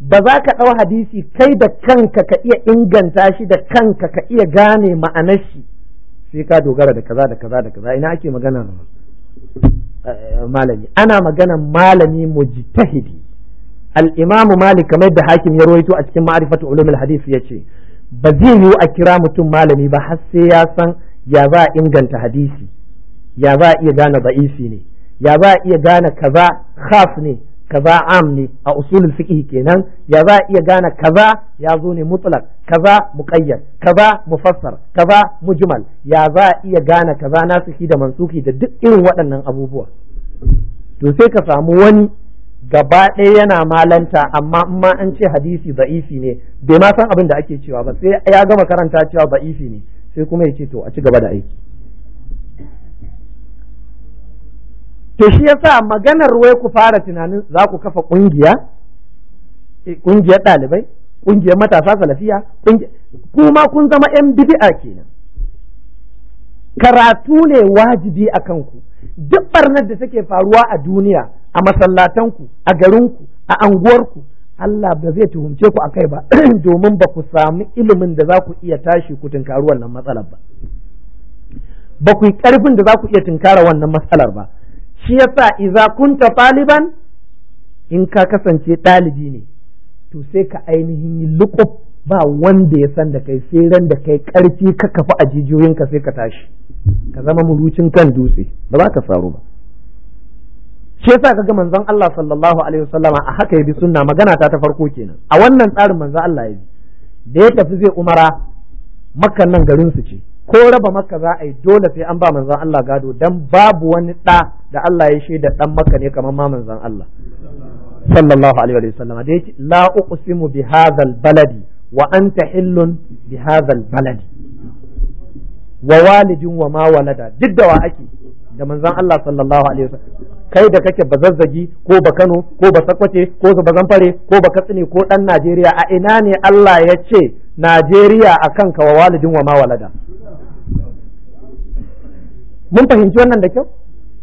ba za ka ɗau hadisi kai da kanka ka iya inganta shi da kanka ka iya gane ma'anar shi sai ka dogara da kaza da kaza da kaza ina ake magana eh, malami ana magana malami mujtahidi al-imam malik kamar da hakim ya rawaito a cikin ma'rifatu hadisi hadith ce ba zai yiwu a kira mutum malami ba har sai ya san ya za a inganta hadisi ya za a iya gane ba'isi ne ya za a iya gane kaza khas ne kaza am ne a usulin fiqh kenan ya za iya gane kaza ya zo ne mutlaq kaza muqayyad kaza mufassar kaza mujmal ya za iya gane kaza nasihi da mansuki da duk irin waɗannan abubuwa to sai ka samu wani gaba ɗaya yana malanta amma in ma an ce hadisi baifi ne bai ma san abin da ake cewa ba sai ya gama karanta cewa baifi ne sai kuma ya ce to a ci gaba da aiki to shi yasa maganar wai ku fara tunanin za ku kafa ƙungiya eh, ƙungiyar ɗalibai ƙungiyar matasa salafiya kuma kun zama yan bidi’a kenan karatu ne wajibi a kanku duk barnar da take faruwa a duniya a masallatanku a garinku a anguwarku Allah ba zai tuhumce ku a kai ba domin ba ku samu ilimin da za ku iya tashi ku tunkari wannan matsalar ba ba ku yi karfin da za ku iya tinkara wannan matsalar ba shi yasa idza kunta taliban in ka kasance ɗalibi ne to sai ka ainihin yi lukuf ba wanda ya san da kai sai ran da kai ƙarfi ka kafa a jijiyoyinka sai ka tashi ka zama murucin kan dutse ba za ka faru ba shi yasa kaga manzon Allah sallallahu alaihi wasallama a haka yabi sunna magana ta ta farko kenan a wannan tsarin manzon Allah yabi da ya tafi zai umara makkan nan garin su ce ko raba maka za a yi dole sai an ba manzon Allah gado dan babu wani ɗa. da Allah ya shaida dan maka ne kamar ma manzon Allah sallallahu alaihi wa sallam da yake la uqsimu bi hadhal baladi wa anta hillun bi hadhal baladi wa walidin wa ma walada duk da wa ake da manzon Allah sallallahu alaihi wa sallam kai da kake bazazzagi ko ba Kano ko ba Sakwace ko ba Zamfare ko ba Katsina ko dan Najeriya a ina ne Allah ya ce Najeriya akan ka wa walidin wa ma walada mun fahimci wannan da kyau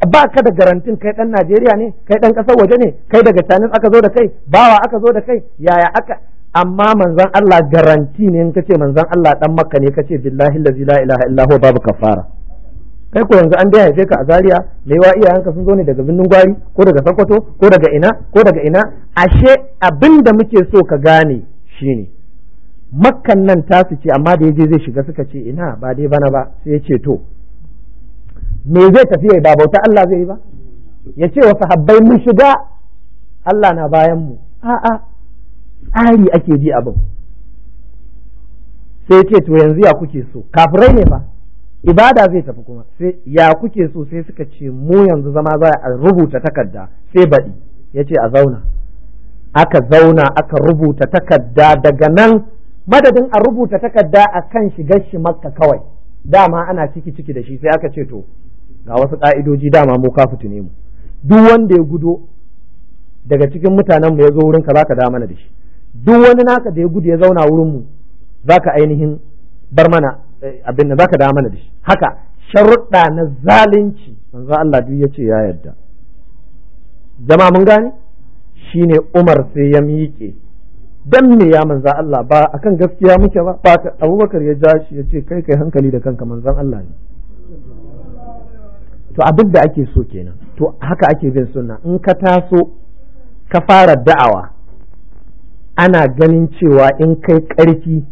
ba ka da garantin kai ɗan Najeriya ne kai ɗan ƙasar waje ne kai daga China aka zo da kai bawa aka zo da kai yaya aka amma manzon Allah garanti ne in kace manzon Allah dan Makka ne kace billahi allazi la ilaha illa huwa babu kafara kai ko yanzu an dai haife ka a Zaria mai wa iyayenka sun zo ne daga Bindin Gwari ko daga Sokoto ko daga ina ko daga ina ashe abinda muke so ka gane shi ne. makkan nan tasu ce amma da ya je zai shiga suka ce ina ba dai bana ba sai ya ce to me zai tafi yayi ba bauta Allah zai yi ba ya ce wa sahabbai mun shiga Allah na bayan mu a'a tsari ake ji abin sai ce to yanzu ya kuke so kafirai ne fa ibada zai tafi kuma sai ya kuke so sai suka ce mu yanzu zama za a rubuta takarda sai baɗi ya ce a zauna aka zauna aka rubuta takarda daga nan madadin a rubuta takarda a kan shigar shi makka kawai dama ana ciki ciki da shi sai aka ce to ga wasu ƙa'idoji dama mu ka fitune mu duk wanda ya gudo daga cikin mutanen mu ya zo wurin ka zaka da mana da shi duk wani naka da ya gudu ya zauna wurin mu zaka ainihin bar mana eh, abin da zaka da mana da shi haka sharuɗa na zalunci manzo Allah duk ce ya yarda jama mun gane shine Umar sai ya miƙe dan me ya manzo Allah ba akan gaskiya muke ba Abubakar ya ja shi ce kai kai hankali da kanka manzon Allah ne to abin da ake so kenan to haka ake bin sunna in ka taso ka fara da'awa ana ganin cewa in kai ƙarfi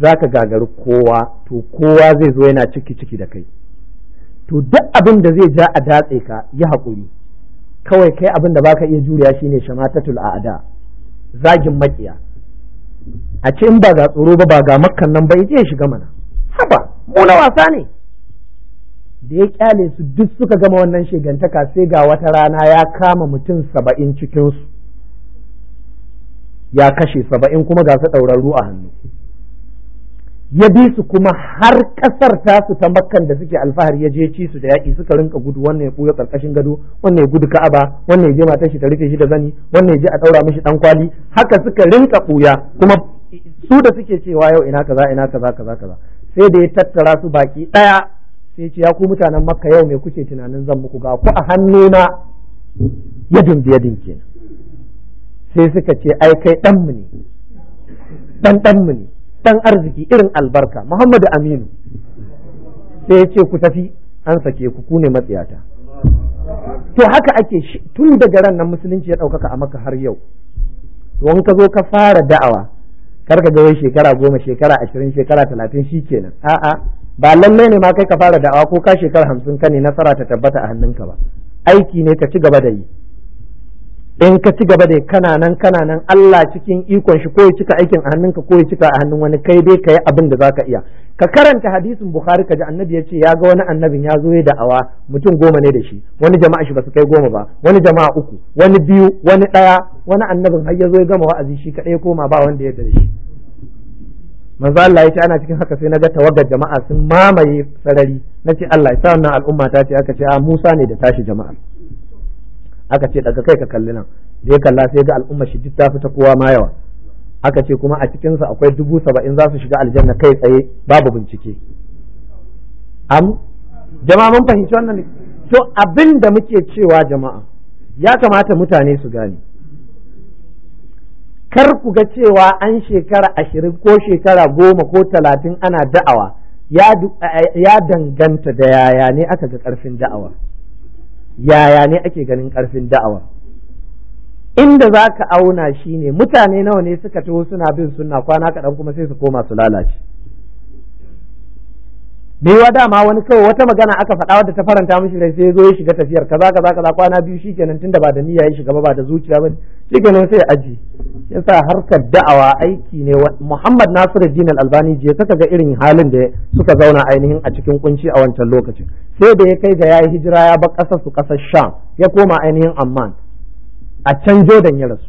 za ka gagari kowa to kowa zai zo yana ciki ciki da kai to duk abin da zai ja a datse ka yi haƙuri kawai kai abin da baka iya juriya shine shamatatul a'ada zagin makiya a ce in ba ga tsoro ba ba ga makkan nan ba ya shiga mana haba mu na wasa ne da ya kyale su duk suka gama wannan shigantaka sai ga wata rana ya kama mutum saba'in cikinsu ya kashe saba'in kuma ga su ɗaurarru a hannu ya bi su kuma har ƙasar tasu ta makkan da suke alfahari ya je ci su da yaƙi suka rinka gudu wannan ya ɓuya ƙarƙashin gado wannan ya gudu ka'aba wannan ya je matar shi ta rufe shi da zani wannan ya je a ɗaura mishi ɗan kwali haka suka rinka ɓuya kuma su da suke cewa yau ina kaza ina kaza kaza kaza sai da ya tattara su baki ɗaya sai ce ya ku mutanen makka yau me kuke tunanin zan muku ga ku a hannuna yadin biyadin ke sai suka ce ai kai ɗanmu ne ɗan ɗanmu ne ɗan arziki irin albarka muhammadu aminu sai ya ce ku tafi an sake ku ku ne matsiyata to haka ake tun daga ran nan musulunci ya ɗaukaka a maka har yau don ka zo ka fara da'awa kar ka ga wai shekara goma shekara ashirin shekara talatin shi kenan a'a ba lallai ne ma kai ka fara da'awa ko ka shekara hamsin ka ne nasara ta tabbata a hannunka ba aiki ne ka ci gaba da yi in ka ci gaba da kana nan kana nan Allah cikin ikon shi ko ya cika aikin a hannunka ko ya cika a hannun wani kai dai ka yi abin da zaka iya ka karanta hadisin bukhari ka ji annabi ya ce ya ga wani annabin ya zo ya da'awa mutum goma ne da shi wani jama'a shi ba su kai goma ba wani jama'a uku wani biyu wani ɗaya wani annabin har ya zo ya gama wa'azi shi kaɗai koma ba wanda ya da shi manzo Allah ya ce ana cikin haka sai na ga tawagar jama'a sun mamaye sarari na ce Allah ya sa al'umma ta ce aka ce a Musa ne da tashi jama'a aka ce daga kai ka kalli nan da ya kalla sai ga al'umma shi duk ta fita kowa ma yawa aka ce kuma a cikinsa akwai dubu saba'in za su shiga aljanna kai tsaye babu bincike am jama'a mun fahimci wannan to abin da muke cewa jama'a ya kamata mutane su gane kar ku ga cewa an shekara ashirin ko shekara goma ko talatin ana da'awa ya danganta da yaya ne aka ga ƙarfin da'awa yaya ne ake ganin ƙarfin da'awa inda za ka auna shi ne mutane nawa ne suka taho suna bin sunna kwana kaɗan kuma sai su koma su lalace me yawa dama wani kawai wata magana aka faɗa wadda ta faranta mishi rai sai ya zo ya shiga tafiyar kaza kaza kaza kwana biyu shikenan tunda ba da niyya ya shiga ba ba da zuciya ba shikenan sai ya aji yasa harkar da'awa aiki ne Muhammad nasiru Al-Albani je saka ga irin halin da suka zauna ainihin a cikin kunci a wancan lokacin sai da ya kai ga yayi hijira ya bar ƙasar su ƙasar Sham ya koma ainihin Amman a can Jordan ya rasu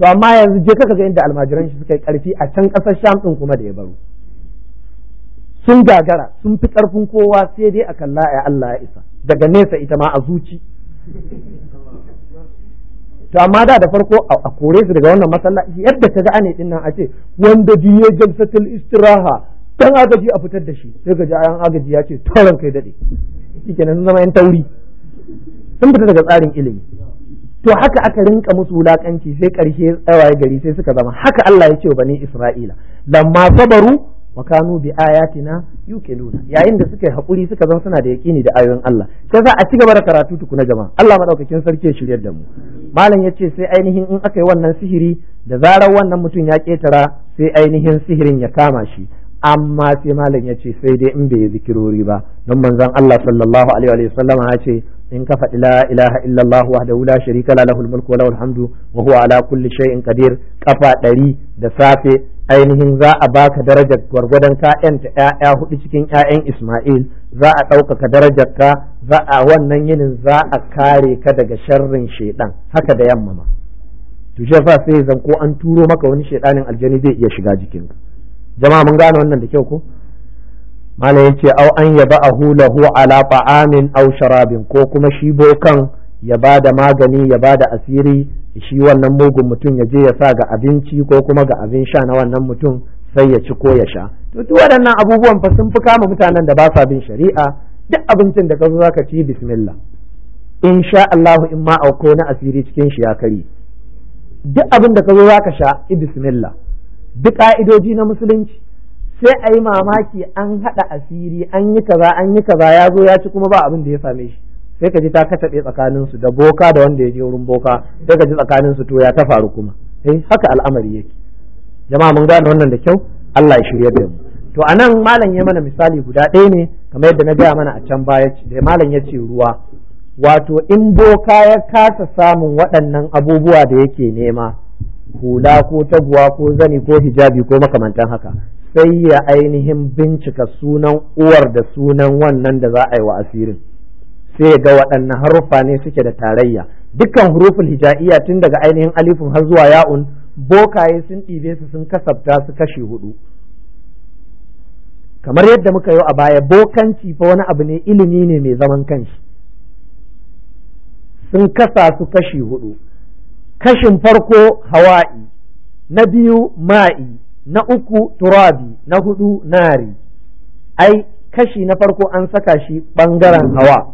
to amma yanzu je kaka ga inda almajiran shi suka yi karfi a can ƙasar Sham din kuma da ya baro sun gagara sun fi ƙarfin kowa sai dai a kalla ya Allah ya isa daga nesa ita ma a zuci to amma da da farko a kore su daga wannan masallaci yadda ta ga ane din nan a ce wanda ji ya jalsatul istiraha dan agaji a fitar da shi sai ga jayan agaji ya ce taron kai dade shikenan sun zama yan tauri sun fita daga tsarin ilimi to haka aka rinka musu wulakanci sai karshe tsawaye gari sai suka zama haka Allah ya ce wa bani Isra'ila lamma sabaru wa kanu bi ayatina yuqinuna yayin da suka yi hakuri suka zama suna da yaqini da ayoyin Allah sai za a ci gaba da karatu tukuna jama'a Allah madaukakin sarki ya shiryar da mu malam yace sai ainihin in aka yi wannan sihiri da zarar wannan mutum ya ketara sai ainihin sihirin ya kama shi amma sai malam yace sai dai in bai yi zikirori ba don manzon Allah sallallahu alaihi wa sallam ya ce in ka faɗi la ilaha illallah wahdahu la sharika la lahul mulku wa lahul hamdu wa huwa ala kulli shay'in qadir kafa ɗari da safe ainihin za a baka darajar gwargwadon ka ta ƴaƴa hudu cikin ƴaƴan Isma'il za a ɗaukaka darajar ka za a wannan yinin za a kare ka daga sharrin shaidan haka da yamma ma tushe fa sai zan ko an turo maka wani shaidanin aljani zai iya shiga jikinka jama'a mun gane wannan da kyau ko malam yace au an yaba ahu lahu ala ta'amin aw sharabin ko kuma shi bokan ya ba da magani ya ba da asiri shi wannan mugun mutum ya je ya sa ga abinci ko kuma ga abin sha na wannan mutum sai ya ci ko ya sha to duk waɗannan abubuwan fa sun fi kama mutanen da ba sa bin shari'a duk abincin da ka zo zaka ci bismillah in sha Allah in ma auko na asiri cikin shi ya kari duk abin da ka zo zaka sha i bismillah duk ka'idoji na musulunci sai ayi mamaki an haɗa asiri an yi kaza an yi kaza ya zo ya ci kuma ba abin da ya same shi sai ka ji ta kataɓe tsakanin su da boka da wanda ya je wurin boka sai ka ji tsakanin su to ya ta faru kuma eh haka al'amari yake jama'a mun gane wannan da kyau Allah ya shirya da mu to anan malam ya mana misali guda ɗaya ne kamar yadda na gaya mana a can baya da malam ya ce ruwa wato in boka ya kasa samun waɗannan abubuwa da yake nema hula ko taguwa ko zani ko hijabi ko makamantan haka sai ya ainihin bincika sunan uwar da sunan wannan da za a yi wa asirin sai ga waɗannan haruffa ne suke da tarayya dukkan huruful hija'iyya tun daga ainihin alifun har zuwa ya'un bokaye sun ɗibe su sun kasafta su kashi hudu kamar yadda muka yi a baya bokanci fa wani abu ne ilimi ne mai zaman kanshi sun kasa su kashi hudu kashin farko hawa'i na biyu ma'i na uku turabi na hudu nari ai kashi na farko an saka shi ɓangaren hawa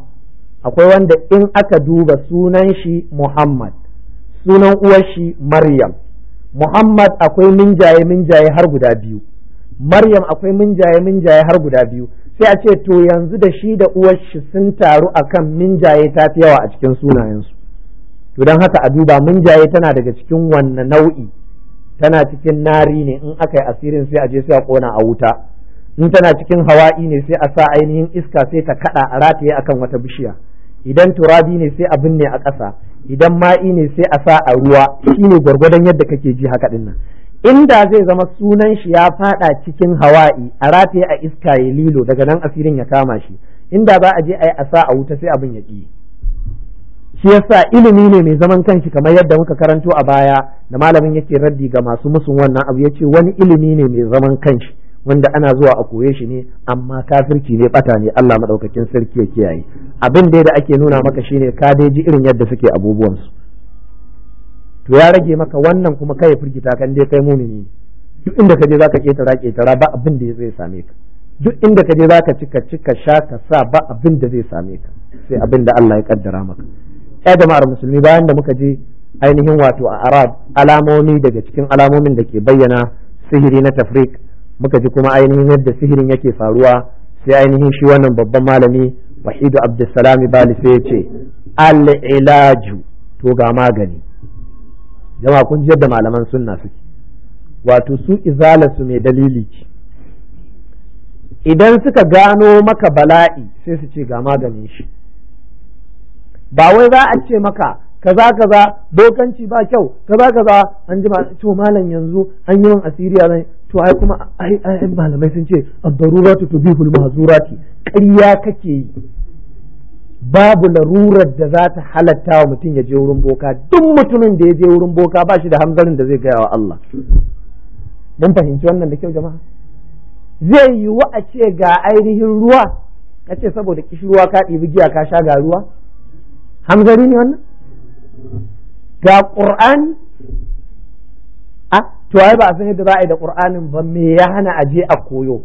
akwai wanda in aka duba sunan shi Muhammad sunan uwar shi Maryam Muhammad akwai minjaye minjaye har guda biyu Maryam akwai minjaye minjaye har guda biyu sai a ce to yanzu da shi da uwar shi sun taru akan minjaye ta fi yawa a cikin sunayensu to don haka a duba minjaye tana daga cikin wannan nau'i tana cikin nari ne in aka yi asirin sai a je sai a kona a wuta in tana cikin hawa'i ne sai a sa ainihin iska sai ta kada a rataye akan wata bishiya idan turabi ne sai a binne a ƙasa idan ma'i ne sai a sa a ruwa shine gwargwadon yadda kake ji haka dinnan inda zai zama sunan shi ya faɗa cikin hawa'i a rataye a iska ya lilo daga nan asirin ya kama shi inda za a je a yi a sa a wuta sai abin ya ƙi shi yasa ilimi ne mai zaman kanshi kamar yadda muka karanto a baya da malamin yake raddi ga masu musun wannan abu ya ce wani ilimi ne mai zaman kanshi wanda ana zuwa a koye shi ne amma kafirci ne bata ne Allah madaukakin sarki ya kiyaye abin da da ake nuna maka shine ka dai ji irin yadda suke abubuwan su to ya rage maka wannan kuma kai firgita kan dai kai mumini duk inda ka je zaka ketara ketara ba abin da zai same ka duk inda ka je zaka cika cika sha ka sa ba abin da zai same ka sai abin da Allah ya kaddara maka ya jama'ar musulmi bayan da muka je ainihin wato a arab alamomi daga cikin alamomin da ke bayyana sihiri na tafrik muka ji kuma ainihin yadda sihirin yake faruwa sai ainihin shi wannan babban malami wahidu abdulsalami bali sai ya ce al'ilaju to ga magani jama'a kun ji yadda malaman sunna suke wato su izala su mai dalili ce idan suka gano maka bala'i sai su ce ga maganin shi ba wai za a ce maka kaza kaza dokanci ba kyau kaza kaza an ji ma to malam yanzu an yi asiri a to ai kuma ai malamai sun ce ad-daruratu tubihul mahzurati ƙarya kake yi babu larurar da za ta halatta wa mutum ya je wurin boka duk mutumin da ya je wurin boka ba shi da hamzarin da zai gaya wa Allah mun fahimci wannan da kyau jama'a zai yiwu a ce ga ainihin ruwa ka ce saboda kishirwa ka ɗibi giya ka sha ga ruwa hamzari ne wannan ga ƙur'ani to ai ba a san yadda za a yi da qur'anin ba me ya hana aje a koyo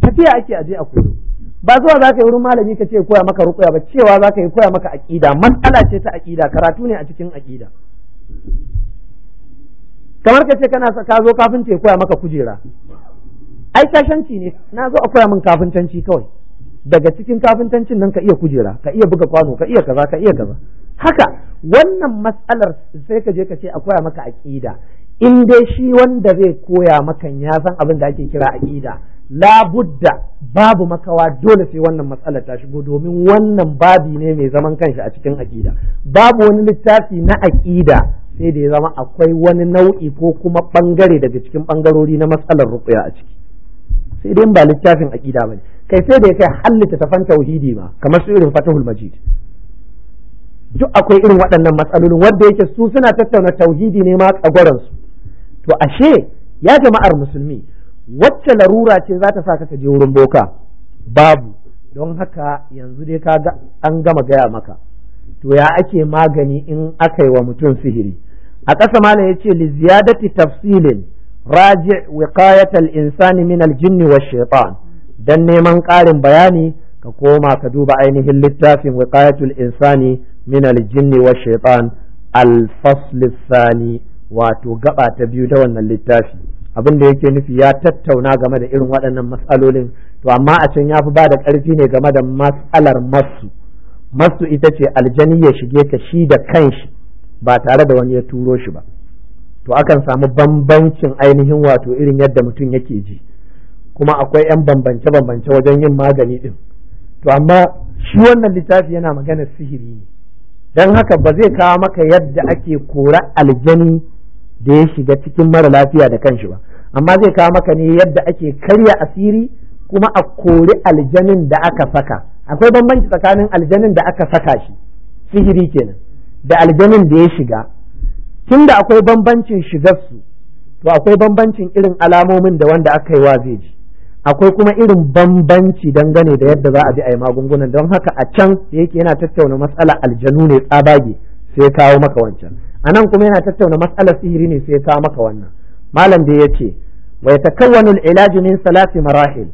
tafiya ake aje a koyo ba zuwa za ka yi wurin malami ka ce koya maka rukuya ba cewa za ka yi koya maka aƙida matsala ce ta aqida karatu ne a cikin aƙida kamar ka ce kana ka zo kafin ce koya maka kujera ai kashanci ne na zo a koya min kafintanci kawai daga cikin kafintancin nan ka iya kujera ka iya buga kwano ka iya kaza ka iya kaza haka wannan matsalar sai ka je ka ce a koya maka aqida in dai shi wanda zai koya makan ya san abin da ake kira aqida labudda babu makawa dole sai wannan matsalar ta shigo domin wannan babi ne mai zaman kanshi a cikin aqida babu wani littafi na aƙida sai da ya zama akwai wani nau'i ko kuma bangare daga cikin bangarori na matsalar ruqya a ciki sai dai ba littafin aqida bane kai sai da ya kai hallita ta fan tauhidi ma kamar su irin fatahul majid duk akwai irin waɗannan matsalolin wanda yake su suna tattauna tauhidi ne ma su. to ashe ya jama'ar musulmi wacce larura ce za ta sa ka je wurin boka babu don haka yanzu dai ka ga an gama gaya maka to ya ake magani in aka yi wa mutum sihiri a ƙasa malam ya ce li ziyadati tafsilin raji wiqayatal insani min aljinni wa shaitan dan neman ƙarin bayani ka koma ka duba ainihin littafin wiqayatul insani min aljinni wa shaitan al-fasl wato gaba ta biyu da wannan littafi abin da yake nufi ya tattauna game da irin waɗannan matsalolin to amma a can ya fi ba da ƙarfi ne game da matsalar masu masu ita ce aljani ya shige ka shi da kanshi ba tare da wani ya turo shi ba to akan samu bambancin ainihin wato irin yadda mutum yake ji kuma akwai 'yan bambance-bambance wajen yin magani din to amma shi wannan littafi yana maganar sihiri ne don haka ba zai kawo maka yadda ake kora aljani da ya shiga cikin mara lafiya da kanshi ba amma zai kawo maka ne yadda ake karya asiri kuma a kori aljanin da aka saka akwai bambanci tsakanin aljanin da aka saka shi sihiri kenan da aljanin da ya shiga tun da akwai bambancin shigarsu to akwai bambancin irin alamomin da wanda aka yi wa zai ji akwai kuma irin bambanci dangane da yadda za a bi a yi magungunan don haka a can yake yana tattauna matsala aljanu ne tsabage sai kawo maka wancan a nan kuma yana tattauna matsalar sihiri ne sai kawo maka wannan malam da ya ce wa ya takawwanu al min salati marahil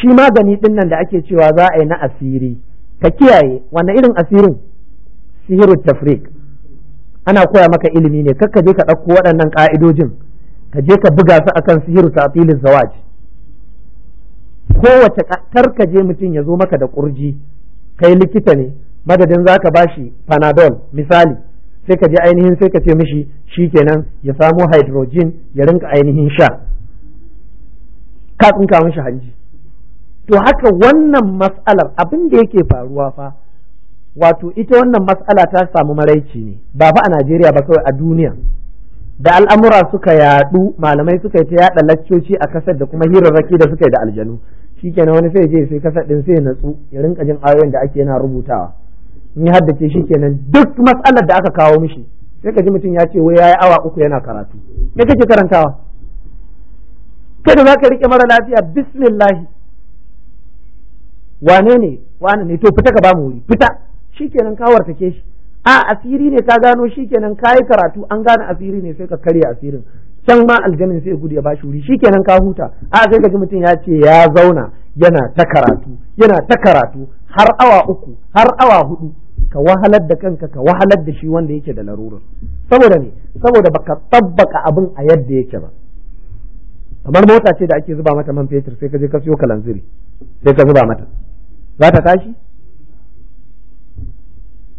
shi magani din nan da ake cewa za a yi na asiri ka kiyaye wanne irin asirin sihiru tafrik ana koya maka ilimi ne kakka je ka ɗauko waɗannan ƙa'idojin ka je ka buga su akan sihiru ta'tilin zawaj kowace karka je mutum ya zo maka da kurji kai likita ne madadin za ka bashi panadol misali sai ka je ainihin sai ka ce mishi shi kenan ya samo hydrogen ya rinka ainihin sha ka tsinka mishi hanji to haka wannan mas'alar abin da yake faruwa fa wato ita wannan matsala ta samu maraici ne ba fa a Najeriya ba kawai a duniya da al'amura suka yadu malamai suka yi ta yada laccoci a kasar da kuma hirarraki da suka yi da aljanu shikenan wani sai je sai kasar din sai natsu ya rinka jin ayoyin da ake yana rubutawa in ya haddace shi kenan duk matsalar da aka kawo mishi sai ka ji mutum ya ce wai yayi awa uku yana karatu me kake karantawa kai za ka rike mara lafiya bismillah wane ne wane ne to fita ka ba mu wuri fita shikenan ta ke shi a asiri ne ka gano shikenan kayi karatu an gane asiri ne sai ka karya asirin can ma aljanin sai gudu ya ba shi wuri shikenan ka huta a sai ka ji mutum ya ce ya zauna yana ta karatu yana ta karatu har awa uku har awa hudu ka wahalar da kanka ka wahalar da shi wanda yake da larurar saboda ne saboda baka tabbaka abin a yadda yake ba kamar mota ce da ake zuba mata man fetur sai ka je ka siyo kalanziri sai ka zuba mata za ta tashi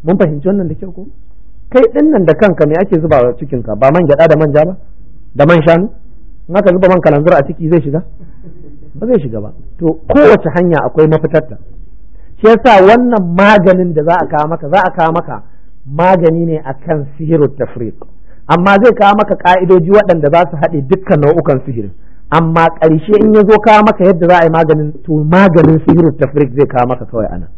mun fahimci wannan da kyau ko kai din nan da kanka me ake zuba a cikin ka ba man gyada da manja ba da man shanu in aka zuba man kalanzir a ciki zai shiga ba zai shiga ba to kowace hanya akwai mafitarta shi yasa wannan maganin da za a kawo maka za a kawo maka magani ne a akan ta tafriq amma zai kawo maka ka'idoji waɗanda za su haɗe dukkan nau'ukan sihirin amma ƙarshe in ya zo kawo maka yadda za a yi maganin to maganin sihirut tafriq zai kawo maka kawai anan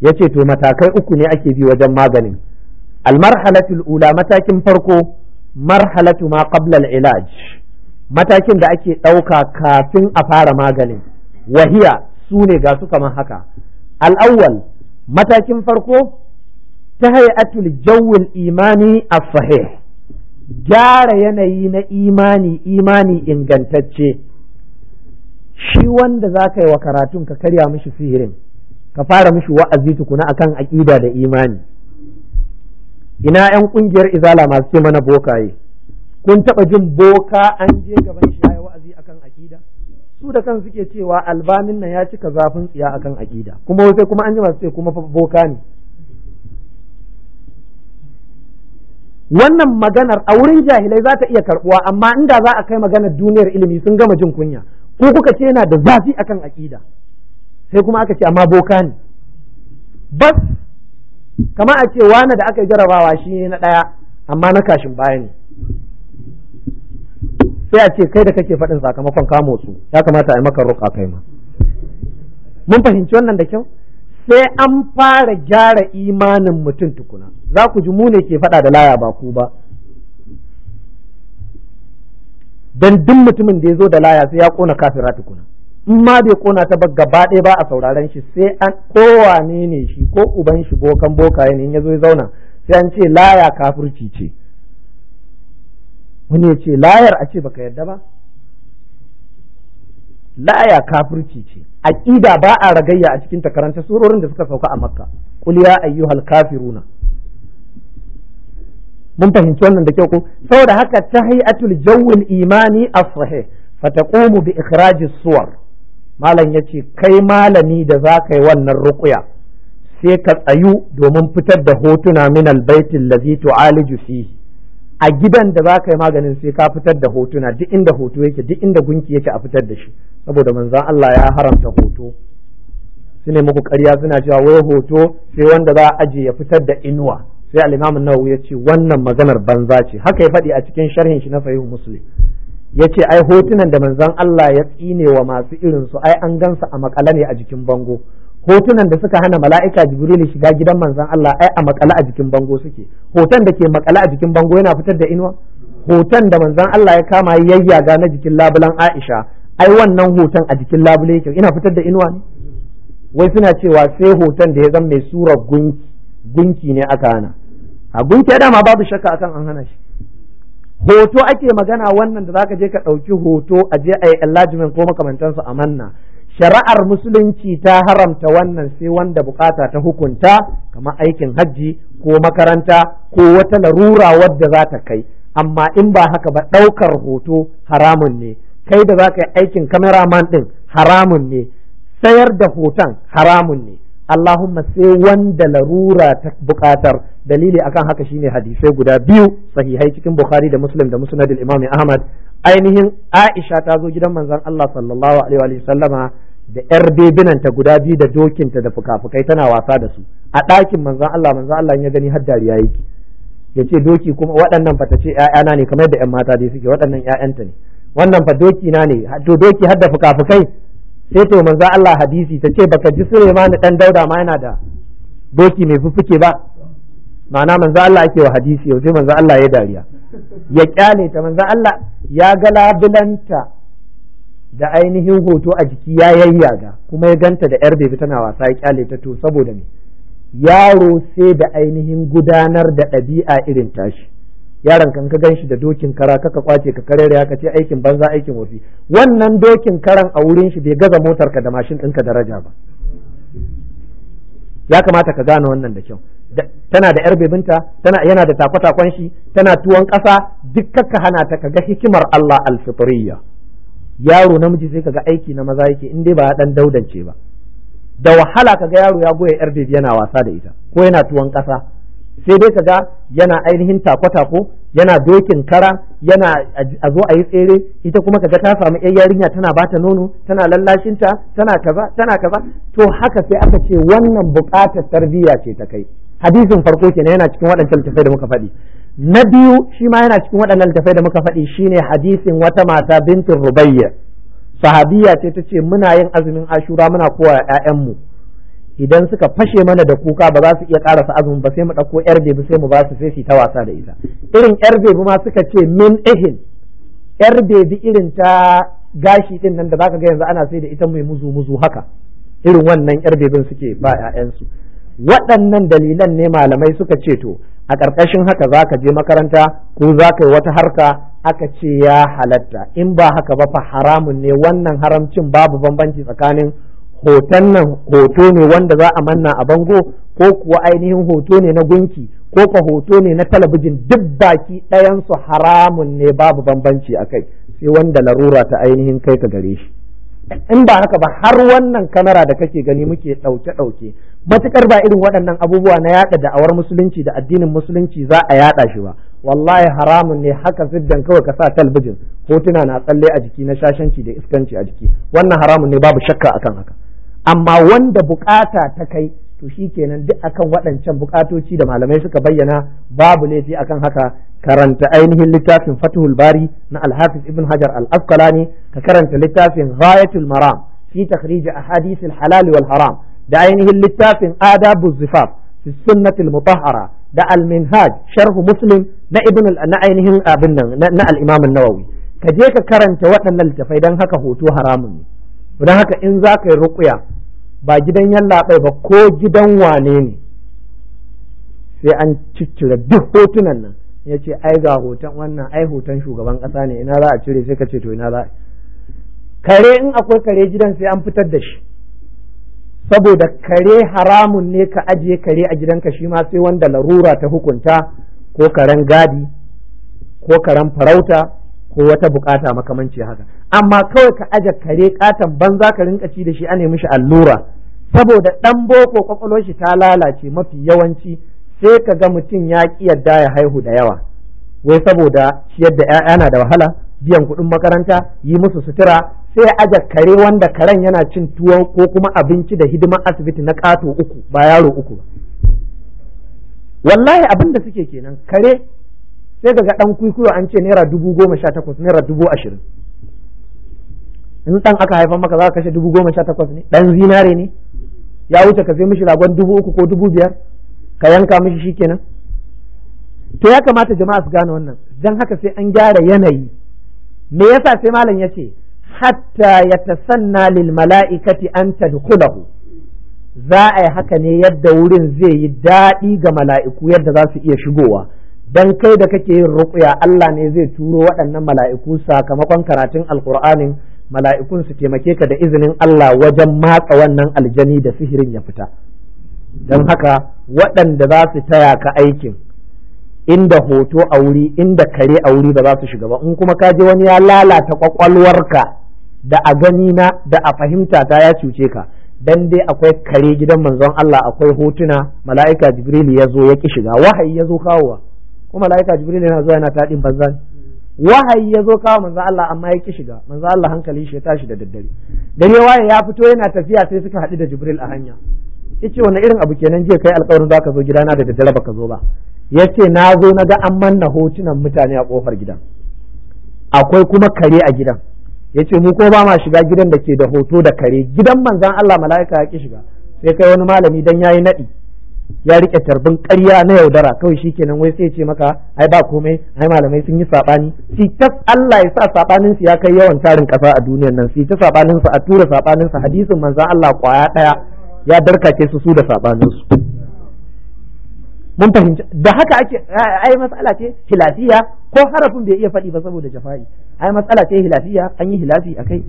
yace to matakai uku ne ake bi wajen maganin almarhalatul ula matakin farko marhalatu ma qabla al-ilaj matakin da ake ɗauka kafin a fara maganin wahiya su ne ga su kamar haka al'awwal matakin farko ta hayatul jawwil imani a sahih gyara yanayi na imani imani ingantacce shi wanda za ka yi wa karatun ka karya mishi sihirin ka fara mishi wa'azi tukuna akan aƙida da imani ina 'yan ƙungiyar izala masu ce mana bokaye kun taɓa jin boka an je gaban shi ya wa'azi akan aƙida su da kan suke cewa albanin nan ya cika zafin tsiya akan aƙida kuma sai kuma an ji masu ce kuma boka ne wannan maganar a wurin jahilai za ta iya karɓuwa, amma inda za a kai maganar duniyar ilimi sun gama jin kunya ko kuka ce yana da zafi akan aƙida sai kuma aka ce amma boka ne bas kama a ce wane da aka yi jarabawa shi na ɗaya amma na kashin baya ne sai a ce kai da kake faɗin sakamakon ka su ya kamata a yi maka roƙa kai ma mun fahimci wannan da kyau sai an fara gyara imanin mutum tukuna za ku ji mu ne ke faɗa da laya ba ku ba dan duk mutumin da ya zo da laya sai ya kona kafira tukuna in ma bai ƙona ta ba gaba ɗaya ba a sauraren shi sai an kowane ne shi ko uban shi bokan bokaye ne in ya zo ya zauna sai an ce laya kafirci ce wani ya ce layar a ce baka yarda ba laya kafirci ce aqida ba a ragayya a cikin takaranta surorin da suka sauka a makka qul ya ayyuhal kafiruna mun fahimci wannan da kyau ko saboda haka ta atul jawwil imani as-sahih fataqumu bi ikhrajis suwar malam yace kai malami da za ka yi wannan ruqya sai ka tsayu domin fitar da hotuna min al-baitil ladhi tu'aliju fihi a gidan da za ka yi maganin sai ka fitar da hotuna duk inda hoto yake duk inda gunki yake a fitar da shi saboda manzon Allah ya haramta hoto su ne muku ƙarya suna cewa wai hoto sai wanda za a aje ya fitar da inuwa sai al-Imam ya ce wannan maganar banza ce haka ya faɗi a cikin sharhin shi na Sahih Muslim ya ce ai hotunan da manzon Allah ya tsine wa masu irin su ai an gansa a makala ne a jikin bango hotunan da suka hana mala'ika jibrilu shiga gidan manzon Allah ai a makala a jikin bango suke hoton da ke makala a jikin bango yana fitar da inuwa hoton da manzon Allah ya kama yayyaga na jikin labulan Aisha ai wannan hoton a jikin labule yake ina fitar da inuwa ne wai suna cewa sai hoton da ya zama mai surar gunki gunki ne aka hana a gunki ya dama babu shakka akan an hana shi hoto ake magana wannan da zaka je ka ɗauki hoto a je a yi ko makamantansu a manna shari'ar musulunci ta haramta wannan sai wanda bukata ta hukunta kamar aikin hajji ko makaranta ko wata larura wadda za ta kai amma in ba haka ba ɗaukar hoto haramun ne kai da za ka yi aikin kameraman ɗin haramun ne sayar da hoton haramun ne Allahumma sai wanda larura ta bukatar dalili akan haka shine hadisai guda biyu sahihai cikin Bukhari da Muslim da Musnad al-Imam Ahmad ainihin Aisha ta zo gidan manzon Allah sallallahu alaihi wa sallama da yar bebinanta guda biyu da dokinta da fukafukai tana wasa da su a ɗakin manzon Allah manzon Allah ya gani har dariya yake yace doki kuma waɗannan fa tace ƴaƴana ne kamar da ƴan mata dai suke waɗannan ƴaƴanta ne wannan fa doki na ne to doki har da fukafukai sai to manzo Allah hadisi ta ce baka ji Suleiman dan Dauda ma yana da doki mai fufuke ba ma'ana manzo Allah ake wa hadisi yau sai manzo Allah ya dariya ya kyale ta manzo Allah ya ga labulanta da ainihin hoto a jiki ya yayyaga kuma ya ganta da yar bebi tana wasa ya kyale ta to saboda me yaro sai da ainihin gudanar da ɗabi'a irin tashi yaron kan ka ganshi da dokin kara kaka kwace ka karere haka ce aikin banza aikin wofi wannan dokin karan a wurin shi bai gaza motar ka da mashin ɗinka daraja ba ya kamata ka gane wannan da kyau tana da yar bebinta tana yana da takwatakwan shi tana tuwon ƙasa duk kaka hana ta kaga hikimar Allah al alfitriya yaro namiji sai kaga aiki na maza yake in dai ba dan daudance ba da wahala kaga yaro ya goya yar bebi yana wasa da ita ko yana tuwon ƙasa sai dai ka ga yana ainihin tako-tako yana dokin kara yana a zo a yi tsere ita kuma kaga ta samu yar yarinya tana bata nono tana lallashinta tana kaza tana kaza to haka sai aka ce wannan buƙatar tarbiyya ce ta kai hadisin farko kenan yana cikin waɗancan tafai da muka faɗi na biyu shi ma yana cikin waɗannan tafai da muka faɗi shine hadisin wata mata bintin rubayya sahabiya ce ta ce muna yin azumin ashura muna koya mu. idan suka fashe mana da kuka ba za su iya karasa azumin ba sai mu ɗauko yar bebi sai mu ba su sai su ta wasa da ita irin yar bebi ma suka ce min ehin yar bebi irin ta gashi din nan da zaka ga yanzu ana sai da ita mai muzu muzu haka irin wannan yar bebin suke ba ƴaƴansu waɗannan dalilan ne malamai suka ce to a ƙarƙashin haka zaka je makaranta ko zaka yi wata harka aka ce ya halatta in ba haka ba fa haramun ne wannan haramcin babu bambanci tsakanin hoton nan hoto ne wanda za a manna a bango ko kuwa ainihin hoto ne na gunki ko ka hoto ne na talabijin duk baki ɗayansu haramun ne babu bambanci a kai sai wanda larura ta ainihin kai ka gare shi in ba haka ba har wannan kamera da kake gani muke ɗauke ɗauke matukar ba irin waɗannan abubuwa na yaɗa da'awar musulunci da addinin musulunci za a yaɗa shi ba wallahi haramun ne haka siddan kawai ka sa talabijin hotuna na tsalle a jiki na shashanci da iskanci a jiki wannan haramun ne babu shakka akan haka amma wanda bukata ta kai to shi kenan duk akan waɗancan bukatoci da malamai suka bayyana babu laifi akan haka karanta ainihin littafin Fathul Bari na alhafiz Ibn Hajar Al-Asqalani ka karanta littafin Ghayatul Maram fi takhrij ahadith halal wal haram da ainihin littafin Adabu Zifaf fi sunnati mutahhara da al-Minhaj sharh Muslim na Ibn na ainihin abin nan na al-Imam an-Nawawi ka je ka karanta waɗannan littafai dan haka hoto haramun ne don haka in za ka yi ruqya ba gidan yallaɓai ba ko gidan wane ne sai an ciccire duk hotunan nan ya ce ai ga hoton wannan ai hoton shugaban ƙasa ne ina za a cire sai ka ce to ina za a kare in akwai kare gidan sai an fitar da shi saboda kare haramun ne ka ajiye kare a gidanka shi ma sai wanda larura ta hukunta ko karen gadi ko karen farauta ko wata bukata makamanci haka amma kawai ka aje kare katon banza ka rinka ci da shi a nemi shi allura saboda dan boko kwakwalwar shi ta lalace mafi yawanci sai ka ga mutum ya ki yadda ya haihu da yawa wai saboda shi yadda ƴaƴa na da wahala biyan kuɗin makaranta yi musu sutura sai aje kare wanda karen yana cin tuwo ko kuma abinci da hidimar asibiti na kato uku ba yaro uku ba wallahi abin da suke kenan kare sai daga ɗan kwikwiyo an ce naira dubu goma sha takwas naira dubu ashirin in ɗan aka haifa maka za ka kashe dubu goma sha takwas ne ɗan zinare ne ya wuce ka sai mishi ragon dubu uku ko dubu biyar ka yanka mishi kenan to ya kamata jama'a su gane wannan dan haka sai an gyara yanayi me yasa sai malam ya ce hatta yatasanna lil mala'ikati an tadkhulahu za a yi haka ne yadda wurin zai yi daɗi ga mala'iku yadda za su iya shigowa dan kai da kake yin ruqya Allah ne zai turo waɗannan mala'iku sakamakon karatun alqur'anin mala'ikun su taimake ka da izinin Allah wajen matsa wannan aljani da sihirin ya fita don haka waɗanda za su taya ka aikin inda hoto a wuri inda kare a wuri ba za su shiga ba in kuma ka je wani ya lalata kwakwalwarka da a gani na da a fahimta ta ya cuce ka dan dai akwai kare gidan manzon Allah akwai hotuna mala'ika jibril ya zo ya ki shiga wahayi ya zo kawowa kuma malaika jibril yana zuwa yana tadin banzan wahayi ya zo kawo manzo Allah amma ya ki shiga manzo Allah hankali shi ya tashi da daddare dare waye ya fito yana tafiya sai suka haɗu da jibril a hanya yace wani irin abu kenan jiya kai alƙawarin zaka zo gidana da daddare baka zo ba yace na zo na ga an manna hotunan mutane a kofar gidan akwai kuma kare a gidan yace mu ko ba ma shiga gidan da ke da hoto da kare gidan manzan Allah mala'ika ya ki shiga sai kai wani malami dan yayi nadi ya rike tarbin ƙarya na yaudara kawai shikenan wai sai ce maka ai ba komai ai malamai sun yi saɓani shi ta Allah ya sa saɓaninsu su ya kai yawan tarin kasa a duniyar nan shi ta sabanin su a tura saɓaninsu su hadisin manzon Allah ƙwaya ɗaya ya darkace su su da saɓaninsu su mun fahimci da haka ake ai matsala ce hilafiya ko harafin bai iya faɗi ba saboda jafa'i ai matsala ce hilafiya an yi hilafi akai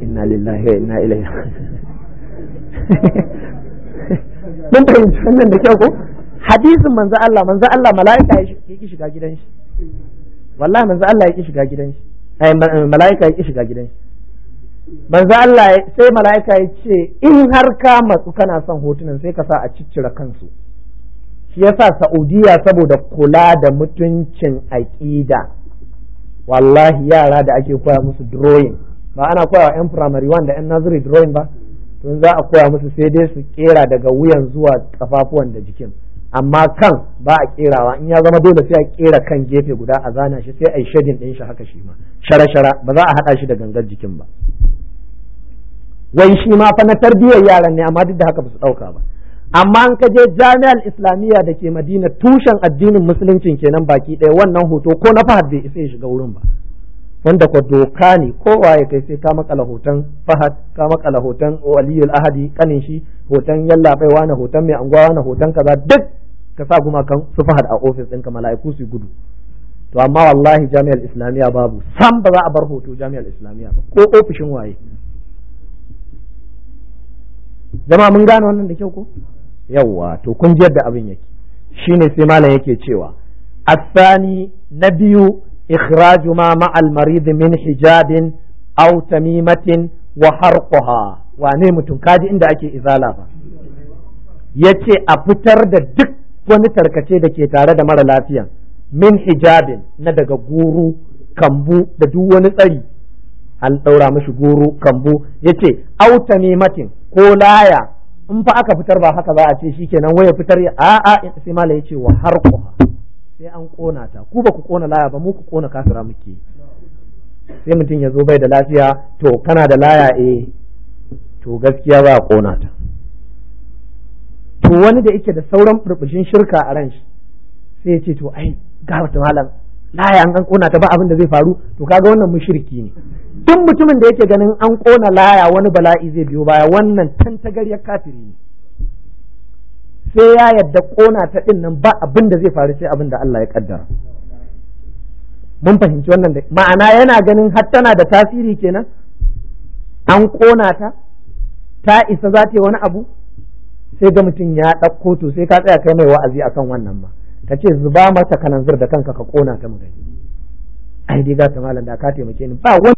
inna lillahi wa inna ilaihi mun fahimci wannan da kyau ko hadisin manzo Allah manzo Allah mala'ika ya ki shiga gidan shi wallahi manzo Allah ya ki shiga gidan shi eh, ai mala'ika ya ki shiga gidan shi manzo Allah sai mala'ika ya ce in har ka matsu kana son hotunan sai ka sa a ciccira kansu shi yasa Saudiya saboda kula da mutuncin aqida wallahi yara da ake koya musu drawing ba ana koya wa 'yan primary 1 da 'yan nursery drawing ba in za a koya musu sai dai su kera daga wuyan zuwa kafafuwan da jikin amma kan ba a kerawa in ya zama dole sai a kera kan gefe guda a zana shi sai a yi shadin ɗin shi haka shi ma shara-shara ba za a haɗa shi da gangar jikin ba wai shi ma fa na tarbiyyar yaran ne amma duk da haka ba su ɗauka ba amma in ka je jami'ar islamiyya da ke madina tushen addinin musuluncin kenan baki ɗaya wannan hoto ko na fahad bai isa ya shiga wurin ba wanda ko doka ne ko waye kai sai ka makala hoton fahad ka makala hoton waliyul ahadi kanin shi hoton yalla bai wani hoton mai anguwa na hoton kaza duk ka sa gumakan su fahad a ofis ɗinka mala'iku su gudu to amma wallahi jami'ar islamiyya babu sam ba za a bar hoto jami'ar islamiyya ba ko ofishin waye jama'a mun gane wannan da kyau ko yawwa to kun ji yadda abin yake shine sai malam yake cewa asani na biyu إخراج ما مع المريض من حجاب أو تميمة وحرقها wane mutum kaji inda ake izala ba yace a fitar da duk wani tarkace da ke tare da mara lafiya min hijabin na daga guru kambu da duk wani tsari an ɗaura mashi guru kambu yace ce auta matin ko laya in fa aka fitar ba haka za a ce shikenan waya fitar ya a a'a sai mala ya ce wa harquha sai an kona ta ku ba ku kona laya ba mu ku kona kafira muke sai mutum ya zo bai da lafiya to kana da laya eh to gaskiya ba kona ta to wani da yake da sauran burbushin shirka a ran shi sai ya ce to ai ga ta malam laya an kona ta ba abin da zai faru to kaga wannan mushriki ne duk mutumin da yake ganin an kona laya wani bala'i zai biyo baya wannan tantagaryar kafiri ne sai ya yarda kona ta din nan ba abin da zai faru sai abin da Allah ya kaddara mun fahimci wannan da ma'ana yana ganin har tana da tasiri kenan an kona ta ta isa za ta yi wani abu sai ga mutum ya ɗauko to sai ka tsaya kai mai wa'azi akan wannan ma ka ce zuba mata kananzir da kanka ka kona ta mu gani ai dai ga ta malam da ka taimake ni ba wani